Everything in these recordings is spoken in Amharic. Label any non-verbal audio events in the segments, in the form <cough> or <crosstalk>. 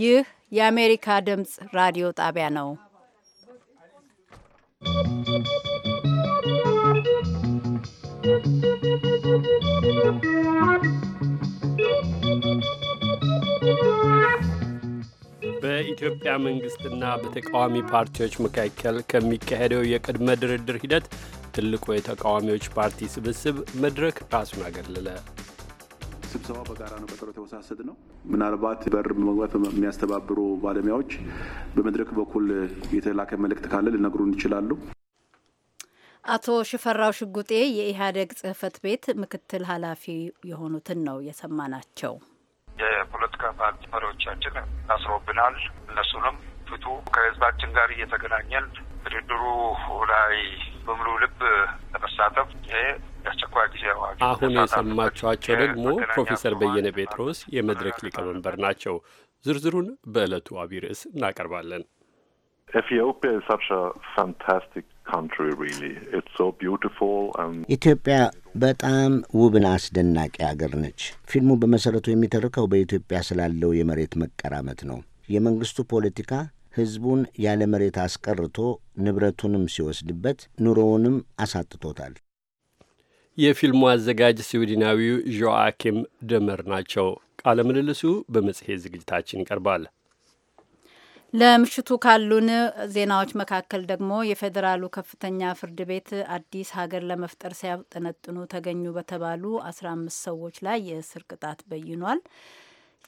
ይህ የአሜሪካ ድምፅ ራዲዮ ጣቢያ ነው። በኢትዮጵያ መንግስትና በተቃዋሚ ፓርቲዎች መካከል ከሚካሄደው የቅድመ ድርድር ሂደት ትልቁ የተቃዋሚዎች ፓርቲ ስብስብ መድረክ ራሱን አገለለ። ስብሰባው በጋራ ነው። ቀጠሮ የተወሳሰድ ነው። ምናልባት በር በመግባት የሚያስተባብሩ ባለሙያዎች በመድረክ በኩል የተላከ መልእክት ካለ ሊነግሩን ይችላሉ። አቶ ሽፈራው ሽጉጤ የኢህአዴግ ጽህፈት ቤት ምክትል ኃላፊ የሆኑትን ነው የሰማናቸው። የፖለቲካ ፓርቲ መሪዎቻችን አስሮብናል። እነሱንም ፍቱ። ከህዝባችን ጋር እየተገናኘን ድርድሩ ላይ በሙሉ ልብ ለመሳተፍ ይሄ የአስቸኳይ ጊዜ አዋጅ። አሁን የሰማችኋቸው ደግሞ ፕሮፌሰር በየነ ጴጥሮስ የመድረክ ሊቀመንበር ናቸው። ዝርዝሩን በዕለቱ አቢይ ርዕስ እናቀርባለን። ኢትዮጵያ በጣም ውብና አስደናቂ ሀገር ነች። ፊልሙ በመሰረቱ የሚተርከው በኢትዮጵያ ስላለው የመሬት መቀራመት ነው። የመንግስቱ ፖለቲካ ሕዝቡን ያለ መሬት አስቀርቶ ንብረቱንም ሲወስድበት ኑሮውንም አሳጥቶታል። የፊልሙ አዘጋጅ ስዊድናዊው ዦአኪም ደመር ናቸው። ቃለ ምልልሱ በመጽሔት ዝግጅታችን ይቀርባል። ለምሽቱ ካሉን ዜናዎች መካከል ደግሞ የፌዴራሉ ከፍተኛ ፍርድ ቤት አዲስ ሀገር ለመፍጠር ሲያጠነጥኑ ተገኙ በተባሉ አስራ አምስት ሰዎች ላይ የእስር ቅጣት በይኗል።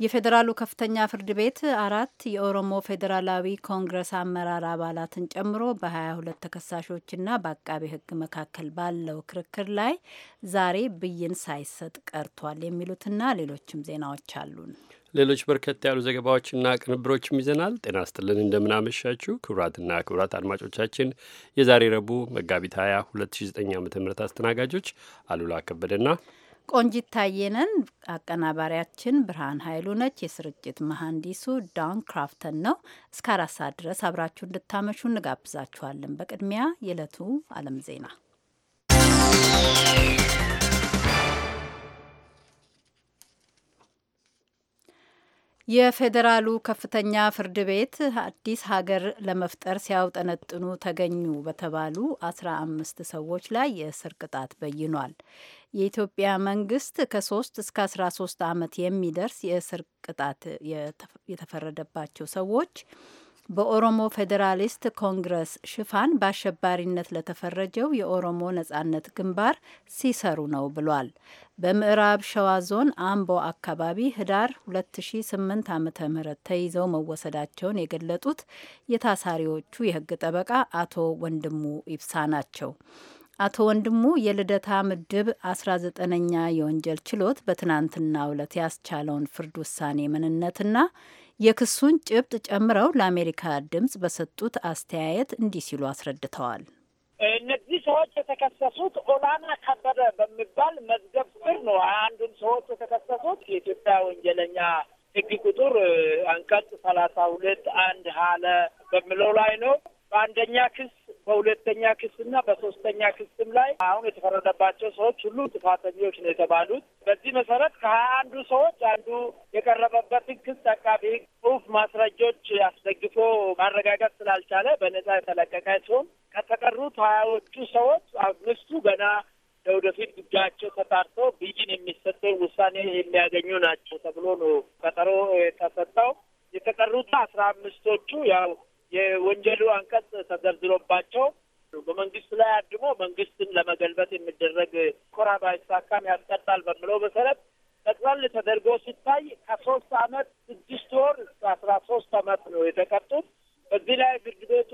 የፌዴራሉ ከፍተኛ ፍርድ ቤት አራት የኦሮሞ ፌዴራላዊ ኮንግረስ አመራር አባላትን ጨምሮ በ22 ተከሳሾችና በአቃቤ ሕግ መካከል ባለው ክርክር ላይ ዛሬ ብይን ሳይሰጥ ቀርቷል የሚሉትና ሌሎችም ዜናዎች አሉን። ሌሎች በርከት ያሉ ዘገባዎችና ቅንብሮችም ይዘናል። ጤና ስጥልን እንደምናመሻችሁ ክቡራትና ክቡራት አድማጮቻችን የዛሬ ረቡዕ መጋቢት 20 2009 ዓ ም አስተናጋጆች አሉላ ከበደና ቆንጂት ታየነን፣ አቀናባሪያችን ብርሃን ኃይሉ ነች። የስርጭት መሐንዲሱ ዳን ክራፍተን ነው። እስከ አራት ሰዓት ድረስ አብራችሁ እንድታመሹ እንጋብዛችኋለን። በቅድሚያ የዕለቱ ዓለም ዜና። የፌዴራሉ ከፍተኛ ፍርድ ቤት አዲስ ሀገር ለመፍጠር ሲያውጠነጥኑ ተገኙ በተባሉ አስራ አምስት ሰዎች ላይ የእስር ቅጣት በይኗል። የኢትዮጵያ መንግስት ከሶስት እስከ አስራ ሶስት ዓመት የሚደርስ የእስር ቅጣት የተፈረደባቸው ሰዎች በኦሮሞ ፌዴራሊስት ኮንግረስ ሽፋን በአሸባሪነት ለተፈረጀው የኦሮሞ ነጻነት ግንባር ሲሰሩ ነው ብሏል። በምዕራብ ሸዋ ዞን አምቦ አካባቢ ህዳር 2008 ዓ ም ተይዘው መወሰዳቸውን የገለጡት የታሳሪዎቹ የህግ ጠበቃ አቶ ወንድሙ ኢብሳ ናቸው። አቶ ወንድሙ የልደታ ምድብ 19ኛ የወንጀል ችሎት በትናንትና ዕለት ያስቻለውን ፍርድ ውሳኔ ምንነትና የክሱን ጭብጥ ጨምረው ለአሜሪካ ድምፅ በሰጡት አስተያየት እንዲህ ሲሉ አስረድተዋል። እነዚህ ሰዎች የተከሰሱት ኦላና ከበደ በሚባል መዝገብ ስር ነው። አንዱን ሰዎች የተከሰሱት የኢትዮጵያ ወንጀለኛ ሕግ ቁጥር አንቀጽ ሰላሳ ሁለት አንድ ሀለ በሚለው ላይ ነው። በአንደኛ ክስ በሁለተኛ ክስ እና በሶስተኛ ክስም ላይ አሁን የተፈረደባቸው ሰዎች ሁሉ ጥፋተኞች ነው የተባሉት። በዚህ መሰረት ከሀያ አንዱ ሰዎች አንዱ የቀረበበትን ክስ አቃቢ ሕግ ጽሑፍ ማስረጃዎች አስደግፎ ማረጋገጥ ስላልቻለ በነጻ የተለቀቀ ሲሆን ከተቀሩት ሀያዎቹ ሰዎች አምስቱ ገና ለወደፊት ጉዳያቸው ተጣርቶ ብይን የሚሰጠው ውሳኔ የሚያገኙ ናቸው ተብሎ ነው ቀጠሮ የተሰጠው። የተቀሩት አስራ አምስቶቹ ያው የወንጀሉ አንቀጽ ተዘርዝሮባቸው በመንግስት ላይ አድሞ መንግስትን ለመገልበጥ የሚደረግ ኮራ ባይሳካም ያስቀጣል በምለው መሰረት ጠቅላል ተደርጎ ሲታይ ከሶስት አመት ስድስት ወር አስራ ሶስት አመት ነው የተቀጡት። በዚህ ላይ ፍርድ ቤቱ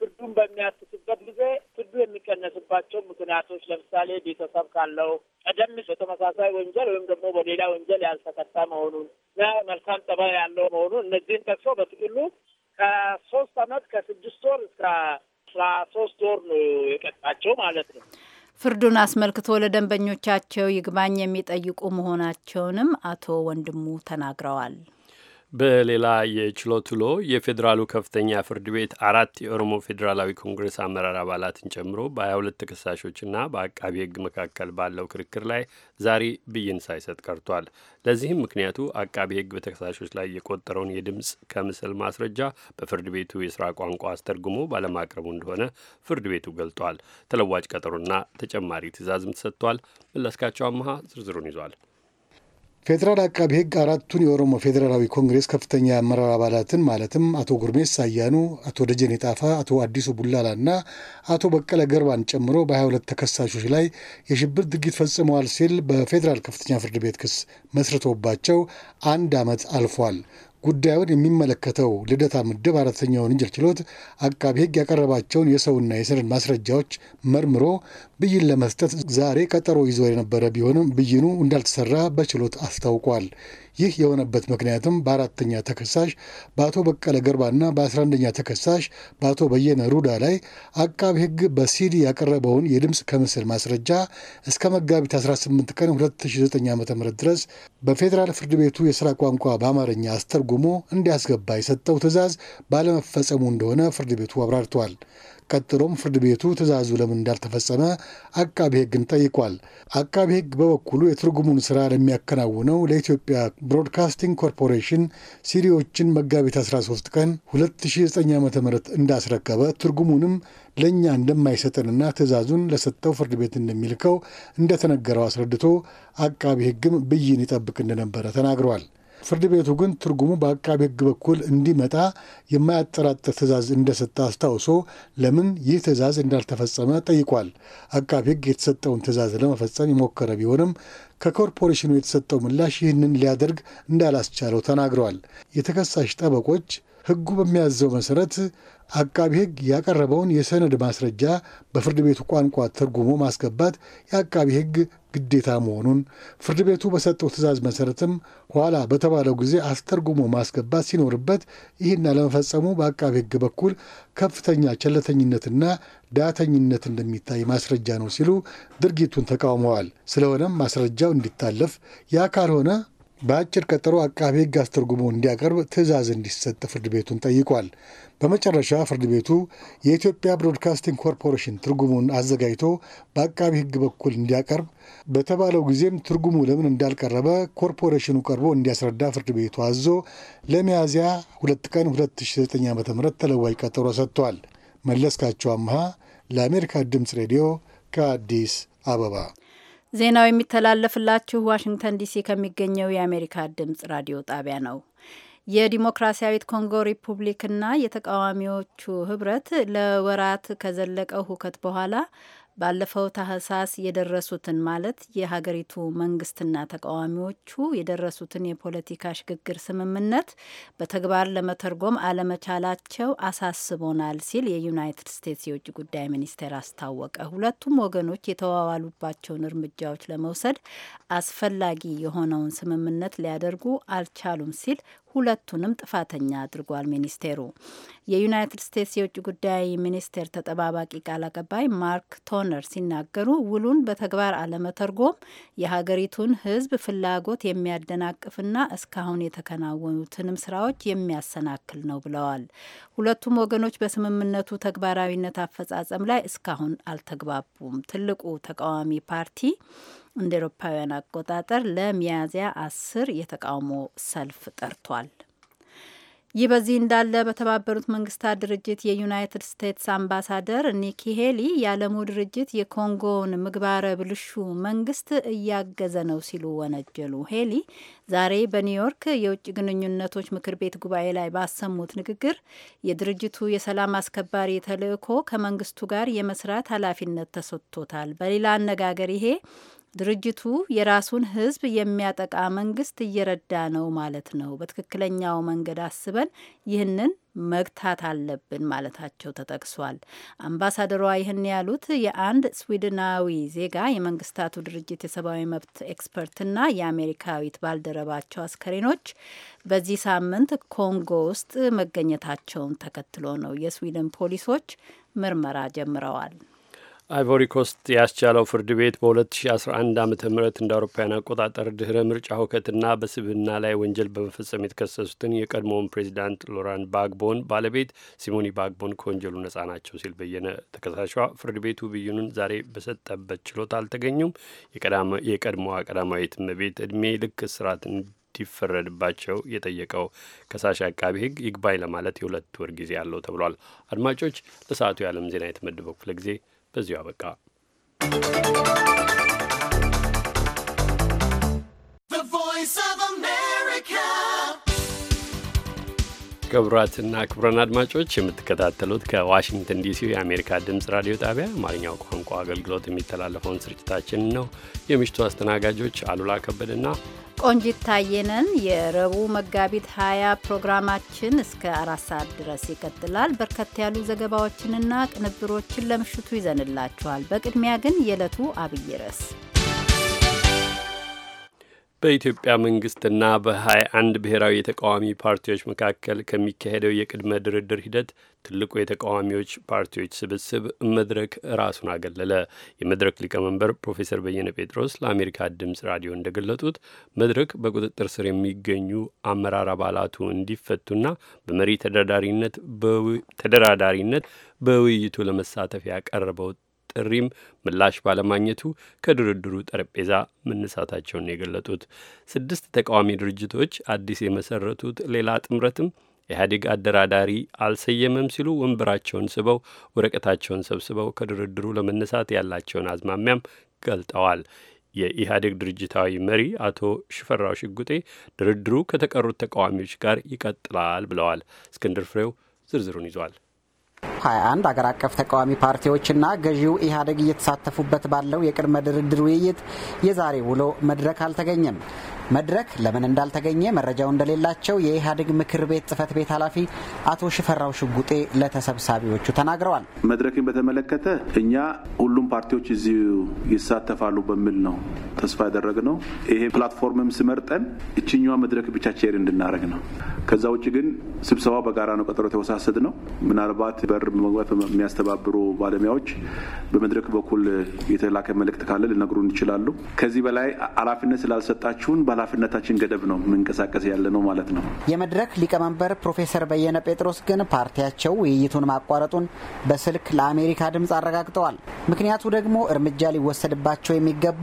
ፍርዱን በሚያስስበት ጊዜ ፍርዱ የሚቀነስባቸው ምክንያቶች ለምሳሌ ቤተሰብ ካለው ቀደም በተመሳሳይ ወንጀል ወይም ደግሞ በሌላ ወንጀል ያልተቀጣ መሆኑን መልካም ጠባይ ያለው መሆኑን እነዚህን ጠቅሶ በጥቅሉ ከሶስት አመት ከስድስት ወር እስከ አስራ ሶስት ወር ነው የቀጣቸው ማለት ነው። ፍርዱን አስመልክቶ ለደንበኞቻቸው ይግባኝ የሚጠይቁ መሆናቸውንም አቶ ወንድሙ ተናግረዋል። በሌላ የችሎት ውሎ የፌዴራሉ ከፍተኛ ፍርድ ቤት አራት የኦሮሞ ፌዴራላዊ ኮንግረስ አመራር አባላትን ጨምሮ በ ሁለት ተከሳሾችና በአቃቢ ሕግ መካከል ባለው ክርክር ላይ ዛሬ ብይን ሳይሰጥ ቀርቷል። ለዚህም ምክንያቱ አቃቢ ሕግ በተከሳሾች ላይ የቆጠረውን የድምፅ ከምስል ማስረጃ በፍርድ ቤቱ የስራ ቋንቋ አስተርጉሞ ባለማቅረቡ እንደሆነ ፍርድ ቤቱ ገልጧል። ተለዋጭ ቀጠሮና ተጨማሪ ትእዛዝም ተሰጥቷል። መለስካቸው አመሃ ዝርዝሩን ይዟል። ፌዴራል አቃቢ ሕግ አራቱን የኦሮሞ ፌዴራላዊ ኮንግሬስ ከፍተኛ የአመራር አባላትን ማለትም አቶ ጉርሜስ አያኑ፣ አቶ ደጀኔ ጣፋ፣ አቶ አዲሱ ቡላላ እና አቶ በቀለ ገርባን ጨምሮ በ22 ተከሳሾች ላይ የሽብር ድርጊት ፈጽመዋል ሲል በፌዴራል ከፍተኛ ፍርድ ቤት ክስ መስርቶባቸው አንድ ዓመት አልፏል። ጉዳዩን የሚመለከተው ልደታ ምድብ አራተኛ ወንጀል ችሎት አቃቢ ሕግ ያቀረባቸውን የሰውና የሰነድ ማስረጃዎች መርምሮ ብይን ለመስጠት ዛሬ ቀጠሮ ይዞ የነበረ ቢሆንም ብይኑ እንዳልተሰራ በችሎት አስታውቋል። ይህ የሆነበት ምክንያትም በአራተኛ ተከሳሽ በአቶ በቀለ ገርባና በ11ኛ ተከሳሽ በአቶ በየነ ሩዳ ላይ አቃቢ ሕግ በሲዲ ያቀረበውን የድምፅ ከምስል ማስረጃ እስከ መጋቢት 18 ቀን 2009 ዓ ም ድረስ በፌዴራል ፍርድ ቤቱ የስራ ቋንቋ በአማርኛ አስተርጉ ተተርጉሞ እንዲያስገባ የሰጠው ትዕዛዝ ባለመፈጸሙ እንደሆነ ፍርድ ቤቱ አብራርተዋል። ቀጥሎም ፍርድ ቤቱ ትዕዛዙ ለምን እንዳልተፈጸመ አቃቢ ሕግን ጠይቋል። አቃቢ ሕግ በበኩሉ የትርጉሙን ስራ ለሚያከናውነው ለኢትዮጵያ ብሮድካስቲንግ ኮርፖሬሽን ሲሪዎችን መጋቢት 13 ቀን 2009 ዓ ም እንዳስረከበ ትርጉሙንም ለእኛ እንደማይሰጥንና ትዕዛዙን ለሰጠው ፍርድ ቤት እንደሚልከው እንደተነገረው አስረድቶ አቃቢ ሕግም ብይን ይጠብቅ እንደነበረ ተናግሯል። ፍርድ ቤቱ ግን ትርጉሙ በአቃቢ ሕግ በኩል እንዲመጣ የማያጠራጥር ትዕዛዝ እንደሰጠ አስታውሶ ለምን ይህ ትዕዛዝ እንዳልተፈጸመ ጠይቋል። አቃቢ ሕግ የተሰጠውን ትዕዛዝ ለመፈጸም የሞከረ ቢሆንም ከኮርፖሬሽኑ የተሰጠው ምላሽ ይህንን ሊያደርግ እንዳላስቻለው ተናግረዋል። የተከሳሽ ጠበቆች ሕጉ በሚያዘው መሰረት አቃቢ ሕግ ያቀረበውን የሰነድ ማስረጃ በፍርድ ቤቱ ቋንቋ ትርጉሞ ማስገባት የአቃቢ ሕግ ግዴታ መሆኑን ፍርድ ቤቱ በሰጠው ትዕዛዝ መሰረትም ኋላ በተባለው ጊዜ አስተርጉሞ ማስገባት ሲኖርበት ይህን አለመፈጸሙ በአቃቢ ሕግ በኩል ከፍተኛ ቸለተኝነትና ዳተኝነት እንደሚታይ ማስረጃ ነው ሲሉ ድርጊቱን ተቃውመዋል። ስለሆነም ማስረጃው እንዲታለፍ ያ ካልሆነ በአጭር ቀጠሮ አቃቢ ሕግ አስተርጉሞ እንዲያቀርብ ትዕዛዝ እንዲሰጥ ፍርድ ቤቱን ጠይቋል። በመጨረሻ ፍርድ ቤቱ የኢትዮጵያ ብሮድካስቲንግ ኮርፖሬሽን ትርጉሙን አዘጋጅቶ በአቃቢ ሕግ በኩል እንዲያቀርብ በተባለው ጊዜም ትርጉሙ ለምን እንዳልቀረበ ኮርፖሬሽኑ ቀርቦ እንዲያስረዳ ፍርድ ቤቱ አዞ ለሚያዝያ ሁለት ቀን 2009 ዓ ም ተለዋጭ ቀጠሮ ሰጥቷል። መለስካቸው አምሃ ለአሜሪካ ድምፅ ሬዲዮ ከአዲስ አበባ ዜናው የሚተላለፍላችሁ ዋሽንግተን ዲሲ ከሚገኘው የአሜሪካ ድምጽ ራዲዮ ጣቢያ ነው። የዲሞክራሲያዊት ኮንጎ ሪፑብሊክና የተቃዋሚዎቹ ህብረት ለወራት ከዘለቀው ሁከት በኋላ ባለፈው ታህሳስ የደረሱትን ማለት የሀገሪቱ መንግስትና ተቃዋሚዎቹ የደረሱትን የፖለቲካ ሽግግር ስምምነት በተግባር ለመተርጎም አለመቻላቸው አሳስቦናል ሲል የዩናይትድ ስቴትስ የውጭ ጉዳይ ሚኒስቴር አስታወቀ። ሁለቱም ወገኖች የተዋዋሉባቸውን እርምጃዎች ለመውሰድ አስፈላጊ የሆነውን ስምምነት ሊያደርጉ አልቻሉም ሲል ሁለቱንም ጥፋተኛ አድርጓል ሚኒስቴሩ። የዩናይትድ ስቴትስ የውጭ ጉዳይ ሚኒስቴር ተጠባባቂ ቃል አቀባይ ማርክ ቶነር ሲናገሩ ውሉን በተግባር አለመተርጎም የሀገሪቱን ሕዝብ ፍላጎት የሚያደናቅፍና እስካሁን የተከናወኑትንም ስራዎች የሚያሰናክል ነው ብለዋል። ሁለቱም ወገኖች በስምምነቱ ተግባራዊነት አፈጻጸም ላይ እስካሁን አልተግባቡም። ትልቁ ተቃዋሚ ፓርቲ እንደ ኤሮፓውያን አቆጣጠር ለሚያዝያ አስር የተቃውሞ ሰልፍ ጠርቷል። ይህ በዚህ እንዳለ በተባበሩት መንግስታት ድርጅት የዩናይትድ ስቴትስ አምባሳደር ኒኪ ሄሊ የዓለሙ ድርጅት የኮንጎውን ምግባረ ብልሹ መንግስት እያገዘ ነው ሲሉ ወነጀሉ። ሄሊ ዛሬ በኒውዮርክ የውጭ ግንኙነቶች ምክር ቤት ጉባኤ ላይ ባሰሙት ንግግር የድርጅቱ የሰላም አስከባሪ ተልዕኮ ከመንግስቱ ጋር የመስራት ኃላፊነት ተሰጥቶታል። በሌላ አነጋገር ይሄ ድርጅቱ የራሱን ህዝብ የሚያጠቃ መንግስት እየረዳ ነው ማለት ነው። በትክክለኛው መንገድ አስበን ይህንን መግታት አለብን ማለታቸው ተጠቅሷል። አምባሳደሯ ይህን ያሉት የአንድ ስዊድናዊ ዜጋ የመንግስታቱ ድርጅት የሰብአዊ መብት ኤክስፐርትና የአሜሪካዊት ባልደረባቸው አስከሬኖች በዚህ ሳምንት ኮንጎ ውስጥ መገኘታቸውን ተከትሎ ነው። የስዊድን ፖሊሶች ምርመራ ጀምረዋል። ኮስት ያስቻለው ፍርድ ቤት በ2011 ዓ ም እንደ አውሮፓውያን አቆጣጠር ድህረ ምርጫ ሁከትና በስብና ላይ ወንጀል በመፈጸም የተከሰሱትን የቀድሞውን ፕሬዚዳንት ሎራን ባግቦን ባለቤት ሲሞኒ ባግቦን ከወንጀሉ ነጻ ናቸው ሲል በየነ። ተከሳሿ ፍርድ ቤቱ ብይኑን ዛሬ በሰጠበት ችሎት አልተገኙም። የቀድሞዋ ቀዳማዊት እመቤት ዕድሜ ልክ እስራት እንዲፈረድባቸው የጠየቀው ከሳሽ አቃቢ ሕግ ይግባኝ ለማለት የሁለት ወር ጊዜ አለው ተብሏል። አድማጮች ለሰዓቱ የዓለም ዜና የተመደበው ክፍለ ጊዜ በዚሁ አበቃ። ክቡራትና ክቡራን አድማጮች የምትከታተሉት ከዋሽንግተን ዲሲ የአሜሪካ ድምፅ ራዲዮ ጣቢያ አማርኛው ቋንቋ አገልግሎት የሚተላለፈውን ስርጭታችን ነው። የምሽቱ አስተናጋጆች አሉላ ከበድና ቆንጂት ታየነን። የረቡዕ መጋቢት ሀያ ፕሮግራማችን እስከ አራት ሰዓት ድረስ ይቀጥላል። በርከት ያሉ ዘገባዎችንና ቅንብሮችን ለምሽቱ ይዘንላችኋል። በቅድሚያ ግን የዕለቱ አብይ ርዕስ በኢትዮጵያ መንግስትና በሀያ አንድ ብሔራዊ የተቃዋሚ ፓርቲዎች መካከል ከሚካሄደው የቅድመ ድርድር ሂደት ትልቁ የተቃዋሚዎች ፓርቲዎች ስብስብ መድረክ ራሱን አገለለ። የመድረክ ሊቀመንበር ፕሮፌሰር በየነ ጴጥሮስ ለአሜሪካ ድምፅ ራዲዮ እንደገለጡት መድረክ በቁጥጥር ስር የሚገኙ አመራር አባላቱ እንዲፈቱና በመሪ ተደራዳሪነት በውይይቱ ለመሳተፍ ያቀረበው ጥሪም ምላሽ ባለማግኘቱ ከድርድሩ ጠረጴዛ መነሳታቸውን የገለጡት ስድስት ተቃዋሚ ድርጅቶች አዲስ የመሰረቱት ሌላ ጥምረትም ኢህአዴግ አደራዳሪ አልሰየመም ሲሉ ወንበራቸውን ስበው ወረቀታቸውን ሰብስበው ከድርድሩ ለመነሳት ያላቸውን አዝማሚያም ገልጠዋል። የኢህአዴግ ድርጅታዊ መሪ አቶ ሽፈራው ሽጉጤ ድርድሩ ከተቀሩት ተቃዋሚዎች ጋር ይቀጥላል ብለዋል። እስክንድር ፍሬው ዝርዝሩን ይዟል። 21 አገር አቀፍ ተቃዋሚ ፓርቲዎችና ገዢው ኢህአዴግ እየተሳተፉበት ባለው የቅድመ ድርድር ውይይት የዛሬ ውሎ መድረክ አልተገኘም። መድረክ ለምን እንዳልተገኘ መረጃው እንደሌላቸው የኢህአዴግ ምክር ቤት ጽህፈት ቤት ኃላፊ አቶ ሽፈራው ሽጉጤ ለተሰብሳቢዎቹ ተናግረዋል። መድረክን በተመለከተ እኛ ሁሉም ፓርቲዎች እዚሁ ይሳተፋሉ በሚል ነው ተስፋ ነው። ይሄ ፕላትፎርምም ስመርጠን እችኛዋ መድረክ ብቻ ቼር እንድናደረግ ነው። ከዛ ውጭ ግን ስብሰባ በጋራ ነው ቀጠሮ የተወሳሰድ ነው። ምናልባት በር መግባት የሚያስተባብሩ ባለሙያዎች በመድረክ በኩል የተላከ መልእክት ካለ ሊነግሩን ይችላሉ። ከዚህ በላይ ኃላፊነት ስላልሰጣችሁን በኃላፊነታችን ገደብ ነው የምንቀሳቀስ ያለ ነው ማለት ነው። የመድረክ ሊቀመንበር ፕሮፌሰር በየነ ጴጥሮስ ግን ፓርቲያቸው ውይይቱን ማቋረጡን በስልክ ለአሜሪካ ድምፅ አረጋግጠዋል። ምክንያቱ ደግሞ እርምጃ ሊወሰድባቸው የሚገቡ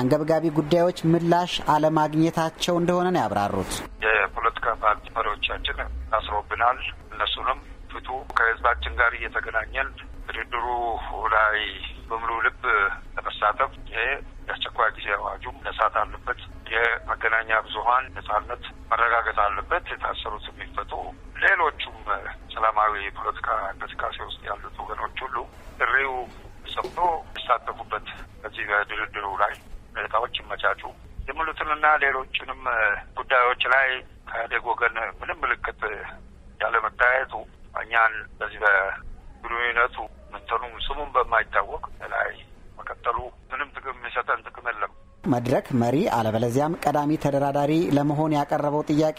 አንገብጋቢ ጉዳዮች ምላሽ አለማግኘታቸው እንደሆነ ነው ያብራሩት። የፖለቲካ ፓርቲ መሪዎቻችን ታስሮብናል፣ እነሱንም ፍቱ። ከህዝባችን ጋር እየተገናኘን ድርድሩ ላይ በሙሉ ልብ ለመሳተፍ የአስቸኳይ ጊዜ አዋጁም መነሳት አለበት። የመገናኛ ብዙኃን ነጻነት መረጋገጥ አለበት። የታሰሩት የሚፈቱ፣ ሌሎቹም ሰላማዊ ፖለቲካ እንቅስቃሴ ውስጥ ያሉት ወገኖች ሁሉ ጥሪው ሰምቶ ይሳተፉበት፣ በዚህ በድርድሩ ላይ ሁኔታዎች ይመቻቹ የምሉትንና ሌሎችንም ጉዳዮች ላይ ከኢህአዴግ ወገን ምንም ምልክት ያለመታየቱ እኛን በዚህ በግንኙነቱ ምንተኑም ስሙም በማይታወቅ ላይ መቀጠሉ ምንም ጥቅም የሰጠን ጥቅም የለም። መድረክ መሪ አለበለዚያም ቀዳሚ ተደራዳሪ ለመሆን ያቀረበው ጥያቄ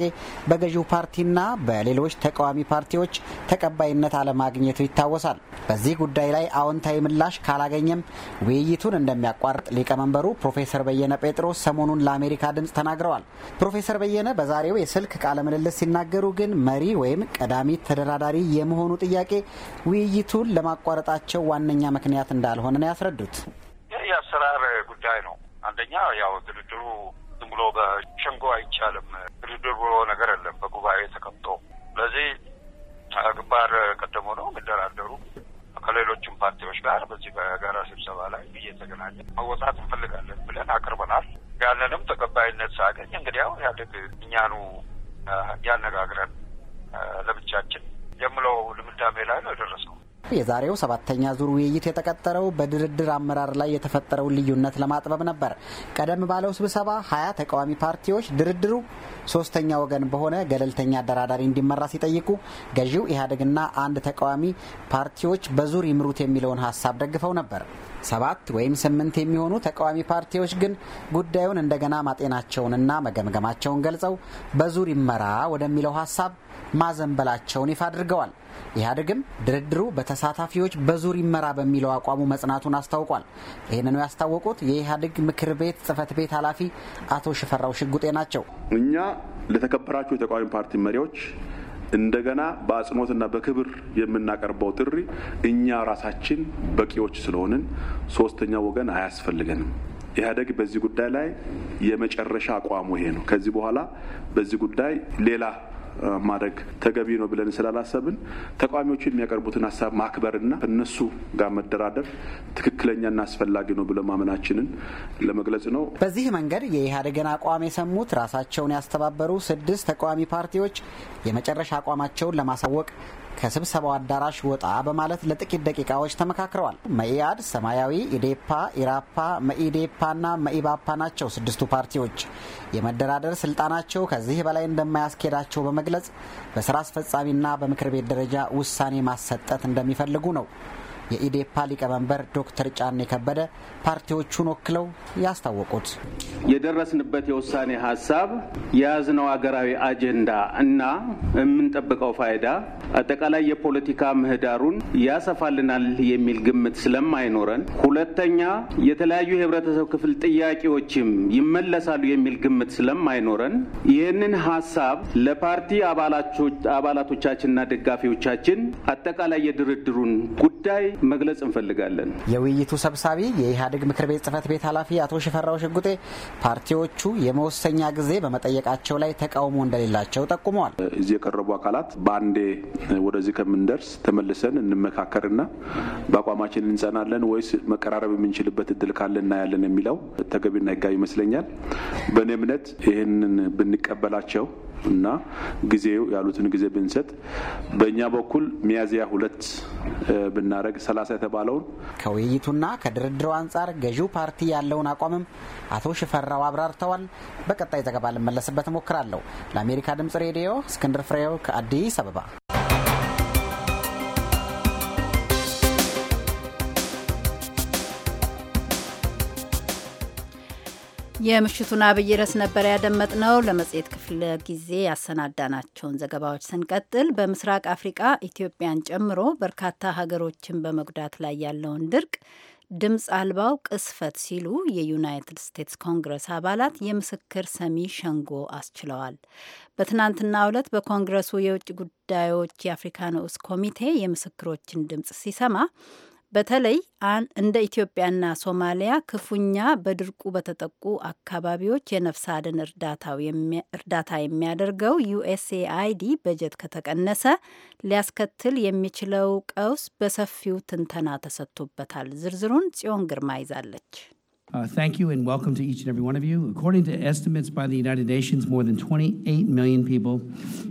በገዢው ፓርቲና በሌሎች ተቃዋሚ ፓርቲዎች ተቀባይነት አለማግኘቱ ይታወሳል። በዚህ ጉዳይ ላይ አዎንታዊ ምላሽ ካላገኘም ውይይቱን እንደሚያቋርጥ ሊቀመንበሩ ፕሮፌሰር በየነ ጴጥሮስ ሰሞኑን ለአሜሪካ ድምፅ ተናግረዋል። ፕሮፌሰር በየነ በዛሬው የስልክ ቃለ ምልልስ ሲናገሩ ግን መሪ ወይም ቀዳሚ ተደራዳሪ የመሆኑ ጥያቄ ውይይቱን ለማቋረጣቸው ዋነኛ ምክንያት እንዳልሆነ ነው ያስረዱት። ይህ የአሰራር ጉዳይ ነው። አንደኛ ያው ድርድሩ ዝም ብሎ በሸንጎ አይቻልም። ድርድር ብሎ ነገር የለም በጉባኤ ተቀምጦ። ስለዚህ ግንባር ቀደሞ ነው የሚደራደሩ ከሌሎችም ፓርቲዎች ጋር በዚህ በጋራ ስብሰባ ላይ እየተገናኘ መወጣት እንፈልጋለን ብለን አቅርበናል። ያንንም ተቀባይነት ሳገኝ እንግዲያው ያደግ እኛኑ ያነጋግረን ለብቻችን የምለው ድምዳሜ ላይ ነው የደረስነው። የዛሬው ሰባተኛ ዙር ውይይት የተቀጠረው በድርድር አመራር ላይ የተፈጠረውን ልዩነት ለማጥበብ ነበር። ቀደም ባለው ስብሰባ ሀያ ተቃዋሚ ፓርቲዎች ድርድሩ ሶስተኛ ወገን በሆነ ገለልተኛ አደራዳሪ እንዲመራ ሲጠይቁ ገዢው ኢህአዴግና አንድ ተቃዋሚ ፓርቲዎች በዙር ይምሩት የሚለውን ሀሳብ ደግፈው ነበር። ሰባት ወይም ስምንት የሚሆኑ ተቃዋሚ ፓርቲዎች ግን ጉዳዩን እንደገና ማጤናቸውንና መገምገማቸውን ገልጸው በዙር ይመራ ወደሚለው ሀሳብ ማዘንበላቸውን ይፋ አድርገዋል። ኢህአዴግም ድርድሩ በተሳታፊዎች በዙር ይመራ በሚለው አቋሙ መጽናቱን አስታውቋል። ይህንኑ ያስታወቁት የኢህአዴግ ምክር ቤት ጽህፈት ቤት ኃላፊ አቶ ሽፈራው ሽጉጤ ናቸው። እኛ ለተከበራቸው የተቃዋሚ ፓርቲ መሪዎች እንደገና በአጽንኦትና በክብር የምናቀርበው ጥሪ እኛ ራሳችን በቂዎች ስለሆንን ሶስተኛ ወገን አያስፈልገንም። ኢህአደግ በዚህ ጉዳይ ላይ የመጨረሻ አቋሙ ይሄ ነው። ከዚህ በኋላ በዚህ ጉዳይ ሌላ ማድረግ ተገቢ ነው ብለን ስላላሰብን ተቃዋሚዎቹ የሚያቀርቡትን ሀሳብ ማክበርና እነሱ ጋር መደራደር ትክክለኛና አስፈላጊ ነው ብለን ማመናችንን ለመግለጽ ነው። በዚህ መንገድ የኢህአዴግን አቋም የሰሙት ራሳቸውን ያስተባበሩ ስድስት ተቃዋሚ ፓርቲዎች የመጨረሻ አቋማቸውን ለማሳወቅ ከስብሰባው አዳራሽ ወጣ በማለት ለጥቂት ደቂቃዎች ተመካክረዋል። መኢአድ፣ ሰማያዊ፣ ኢዴፓ፣ ኢራፓ፣ መኢዴፓ ና መኢባፓ ናቸው ስድስቱ ፓርቲዎች። የመደራደር ስልጣናቸው ከዚህ በላይ እንደማያስኬዳቸው በመግለጽ በስራ አስፈጻሚና በምክር ቤት ደረጃ ውሳኔ ማሰጠት እንደሚፈልጉ ነው የኢዴፓ ሊቀመንበር ዶክተር ጫኔ ከበደ ፓርቲዎቹን ወክለው ያስታወቁት የደረስንበት የውሳኔ ሀሳብ የያዝነው አገራዊ አጀንዳ እና የምንጠብቀው ፋይዳ አጠቃላይ የፖለቲካ ምህዳሩን ያሰፋልናል የሚል ግምት ስለማይኖረን፣ ሁለተኛ የተለያዩ የህብረተሰብ ክፍል ጥያቄዎችም ይመለሳሉ የሚል ግምት ስለማይኖረን ይህንን ሀሳብ ለፓርቲ አባላቶቻችንና ደጋፊዎቻችን አጠቃላይ የድርድሩን ጉዳይ መግለጽ እንፈልጋለን። የውይይቱ ሰብሳቢ የኢህአዴግ ምክር ቤት ጽህፈት ቤት ኃላፊ አቶ ሽፈራው ሽጉጤ ፓርቲዎቹ የመወሰኛ ጊዜ በመጠየቃቸው ላይ ተቃውሞ እንደሌላቸው ጠቁመዋል። እዚህ የቀረቡ አካላት በአንዴ ወደዚህ ከምንደርስ ተመልሰን እንመካከርና በአቋማችን እንጸናለን ወይስ መቀራረብ የምንችልበት እድል ካለ እናያለን የሚለው ተገቢና ህጋዊ ይመስለኛል። በእኔ እምነት ይህንን ብንቀበላቸው እና ጊዜው ያሉትን ጊዜ ብንሰጥ በእኛ በኩል ሚያዝያ ሁለት ብናደረግ ሰላሳ የተባለውን ከውይይቱና ከድርድሩ አንጻር ገዢው ፓርቲ ያለውን አቋምም አቶ ሽፈራው አብራርተዋል። በቀጣይ ዘገባ ልመለስበት ሞክራለሁ። ለአሜሪካ ድምጽ ሬዲዮ እስክንድር ፍሬው ከአዲስ አበባ የምሽቱን አብይ ርዕስ ነበር ያደመጥነው። ለመጽሔት ክፍለ ጊዜ ያሰናዳናቸውን ዘገባዎች ስንቀጥል በምስራቅ አፍሪቃ ኢትዮጵያን ጨምሮ በርካታ ሀገሮችን በመጉዳት ላይ ያለውን ድርቅ ድምፅ አልባው ቅስፈት ሲሉ የዩናይትድ ስቴትስ ኮንግረስ አባላት የምስክር ሰሚ ሸንጎ አስችለዋል። በትናንትናው ዕለት በኮንግረሱ የውጭ ጉዳዮች የአፍሪካ ንዑስ ኮሚቴ የምስክሮችን ድምፅ ሲሰማ በተለይ እንደ ኢትዮጵያና ሶማሊያ ክፉኛ በድርቁ በተጠቁ አካባቢዎች የነፍስ አድን እርዳታ የሚያደርገው ዩኤስኤአይዲ በጀት ከተቀነሰ ሊያስከትል የሚችለው ቀውስ በሰፊው ትንተና ተሰጥቶበታል። ዝርዝሩን ጽዮን ግርማ ይዛለች። Uh, thank you and welcome to each and every one of you. According to estimates by the United Nations, more than 28 million people.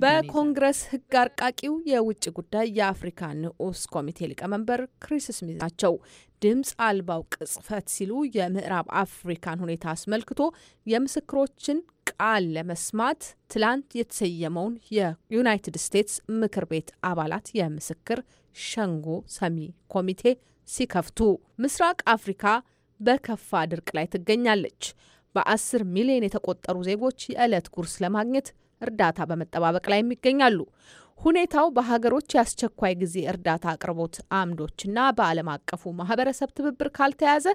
በኮንግረስ ህግ አርቃቂው የውጭ ጉዳይ የአፍሪካ ንዑስ ኮሚቴ ሊቀመንበር ክሪስ ስሚዝ ናቸው። ድምፅ አልባው ቅጽፈት ሲሉ የምዕራብ አፍሪካን ሁኔታ አስመልክቶ የምስክሮችን ቃል ለመስማት ትላንት የተሰየመውን የዩናይትድ ስቴትስ ምክር ቤት አባላት የምስክር ሸንጎ ሰሚ ኮሚቴ ሲከፍቱ ምስራቅ አፍሪካ በከፋ ድርቅ ላይ ትገኛለች። በአስር ሚሊዮን የተቆጠሩ ዜጎች የዕለት ጉርስ ለማግኘት እርዳታ በመጠባበቅ ላይ ይገኛሉ። ሁኔታው በሀገሮች የአስቸኳይ ጊዜ እርዳታ አቅርቦት አምዶችና በዓለም አቀፉ ማህበረሰብ ትብብር ካልተያዘ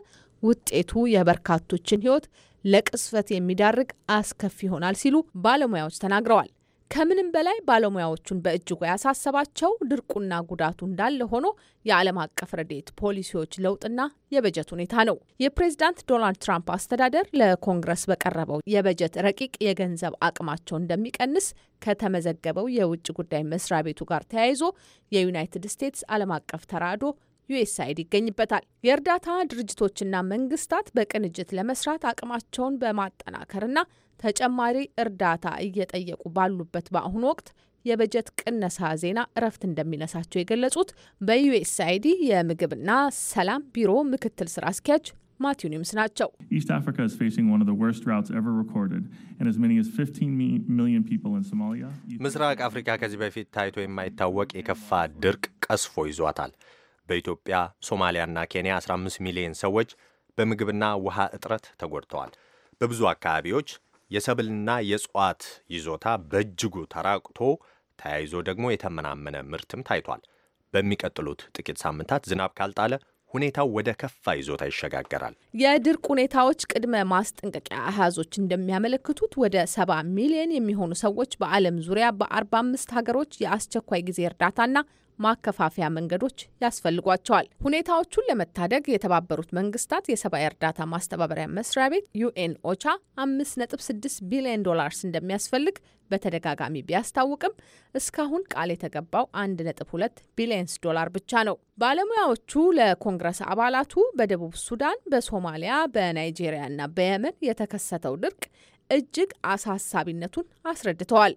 ውጤቱ የበርካቶችን ሕይወት ለቅስፈት የሚዳርግ አስከፊ ይሆናል ሲሉ ባለሙያዎች ተናግረዋል። ከምንም በላይ ባለሙያዎቹን በእጅጉ ያሳሰባቸው ድርቁና ጉዳቱ እንዳለ ሆኖ የዓለም አቀፍ ረድኤት ፖሊሲዎች ለውጥና የበጀት ሁኔታ ነው። የፕሬዝዳንት ዶናልድ ትራምፕ አስተዳደር ለኮንግረስ በቀረበው የበጀት ረቂቅ የገንዘብ አቅማቸው እንደሚቀንስ ከተመዘገበው የውጭ ጉዳይ መስሪያ ቤቱ ጋር ተያይዞ የዩናይትድ ስቴትስ ዓለም አቀፍ ተራድኦ ዩኤስአይድ ይገኝበታል። የእርዳታ ድርጅቶችና መንግስታት በቅንጅት ለመስራት አቅማቸውን በማጠናከርና ተጨማሪ እርዳታ እየጠየቁ ባሉበት በአሁኑ ወቅት የበጀት ቅነሳ ዜና እረፍት እንደሚነሳቸው የገለጹት በዩኤስአይዲ የምግብና ሰላም ቢሮ ምክትል ስራ አስኪያጅ ማቲው ኒምስ ናቸው። ምስራቅ አፍሪካ ከዚህ በፊት ታይቶ የማይታወቅ የከፋ ድርቅ ቀስፎ ይዟታል። በኢትዮጵያ ሶማሊያና ኬንያ 15 ሚሊዮን ሰዎች በምግብና ውሃ እጥረት ተጎድተዋል። በብዙ አካባቢዎች የሰብልና የእጽዋት ይዞታ በእጅጉ ተራቅቶ ተያይዞ ደግሞ የተመናመነ ምርትም ታይቷል። በሚቀጥሉት ጥቂት ሳምንታት ዝናብ ካልጣለ ሁኔታው ወደ ከፋ ይዞታ ይሸጋገራል። የድርቅ ሁኔታዎች ቅድመ ማስጠንቀቂያ አሃዞች እንደሚያመለክቱት ወደ ሰባ ሚሊዮን የሚሆኑ ሰዎች በዓለም ዙሪያ በ45 ሀገሮች የአስቸኳይ ጊዜ እርዳታና ማከፋፈያ መንገዶች ያስፈልጓቸዋል። ሁኔታዎቹን ለመታደግ የተባበሩት መንግስታት የሰብአዊ እርዳታ ማስተባበሪያ መስሪያ ቤት ዩኤን ኦቻ 5.6 ቢሊዮን ዶላርስ እንደሚያስፈልግ በተደጋጋሚ ቢያስታውቅም እስካሁን ቃል የተገባው 1.2 ቢሊዮንስ ዶላር ብቻ ነው። ባለሙያዎቹ ለኮንግረስ አባላቱ በደቡብ ሱዳን፣ በሶማሊያ፣ በናይጄሪያ እና በየመን የተከሰተው ድርቅ እጅግ አሳሳቢነቱን አስረድተዋል።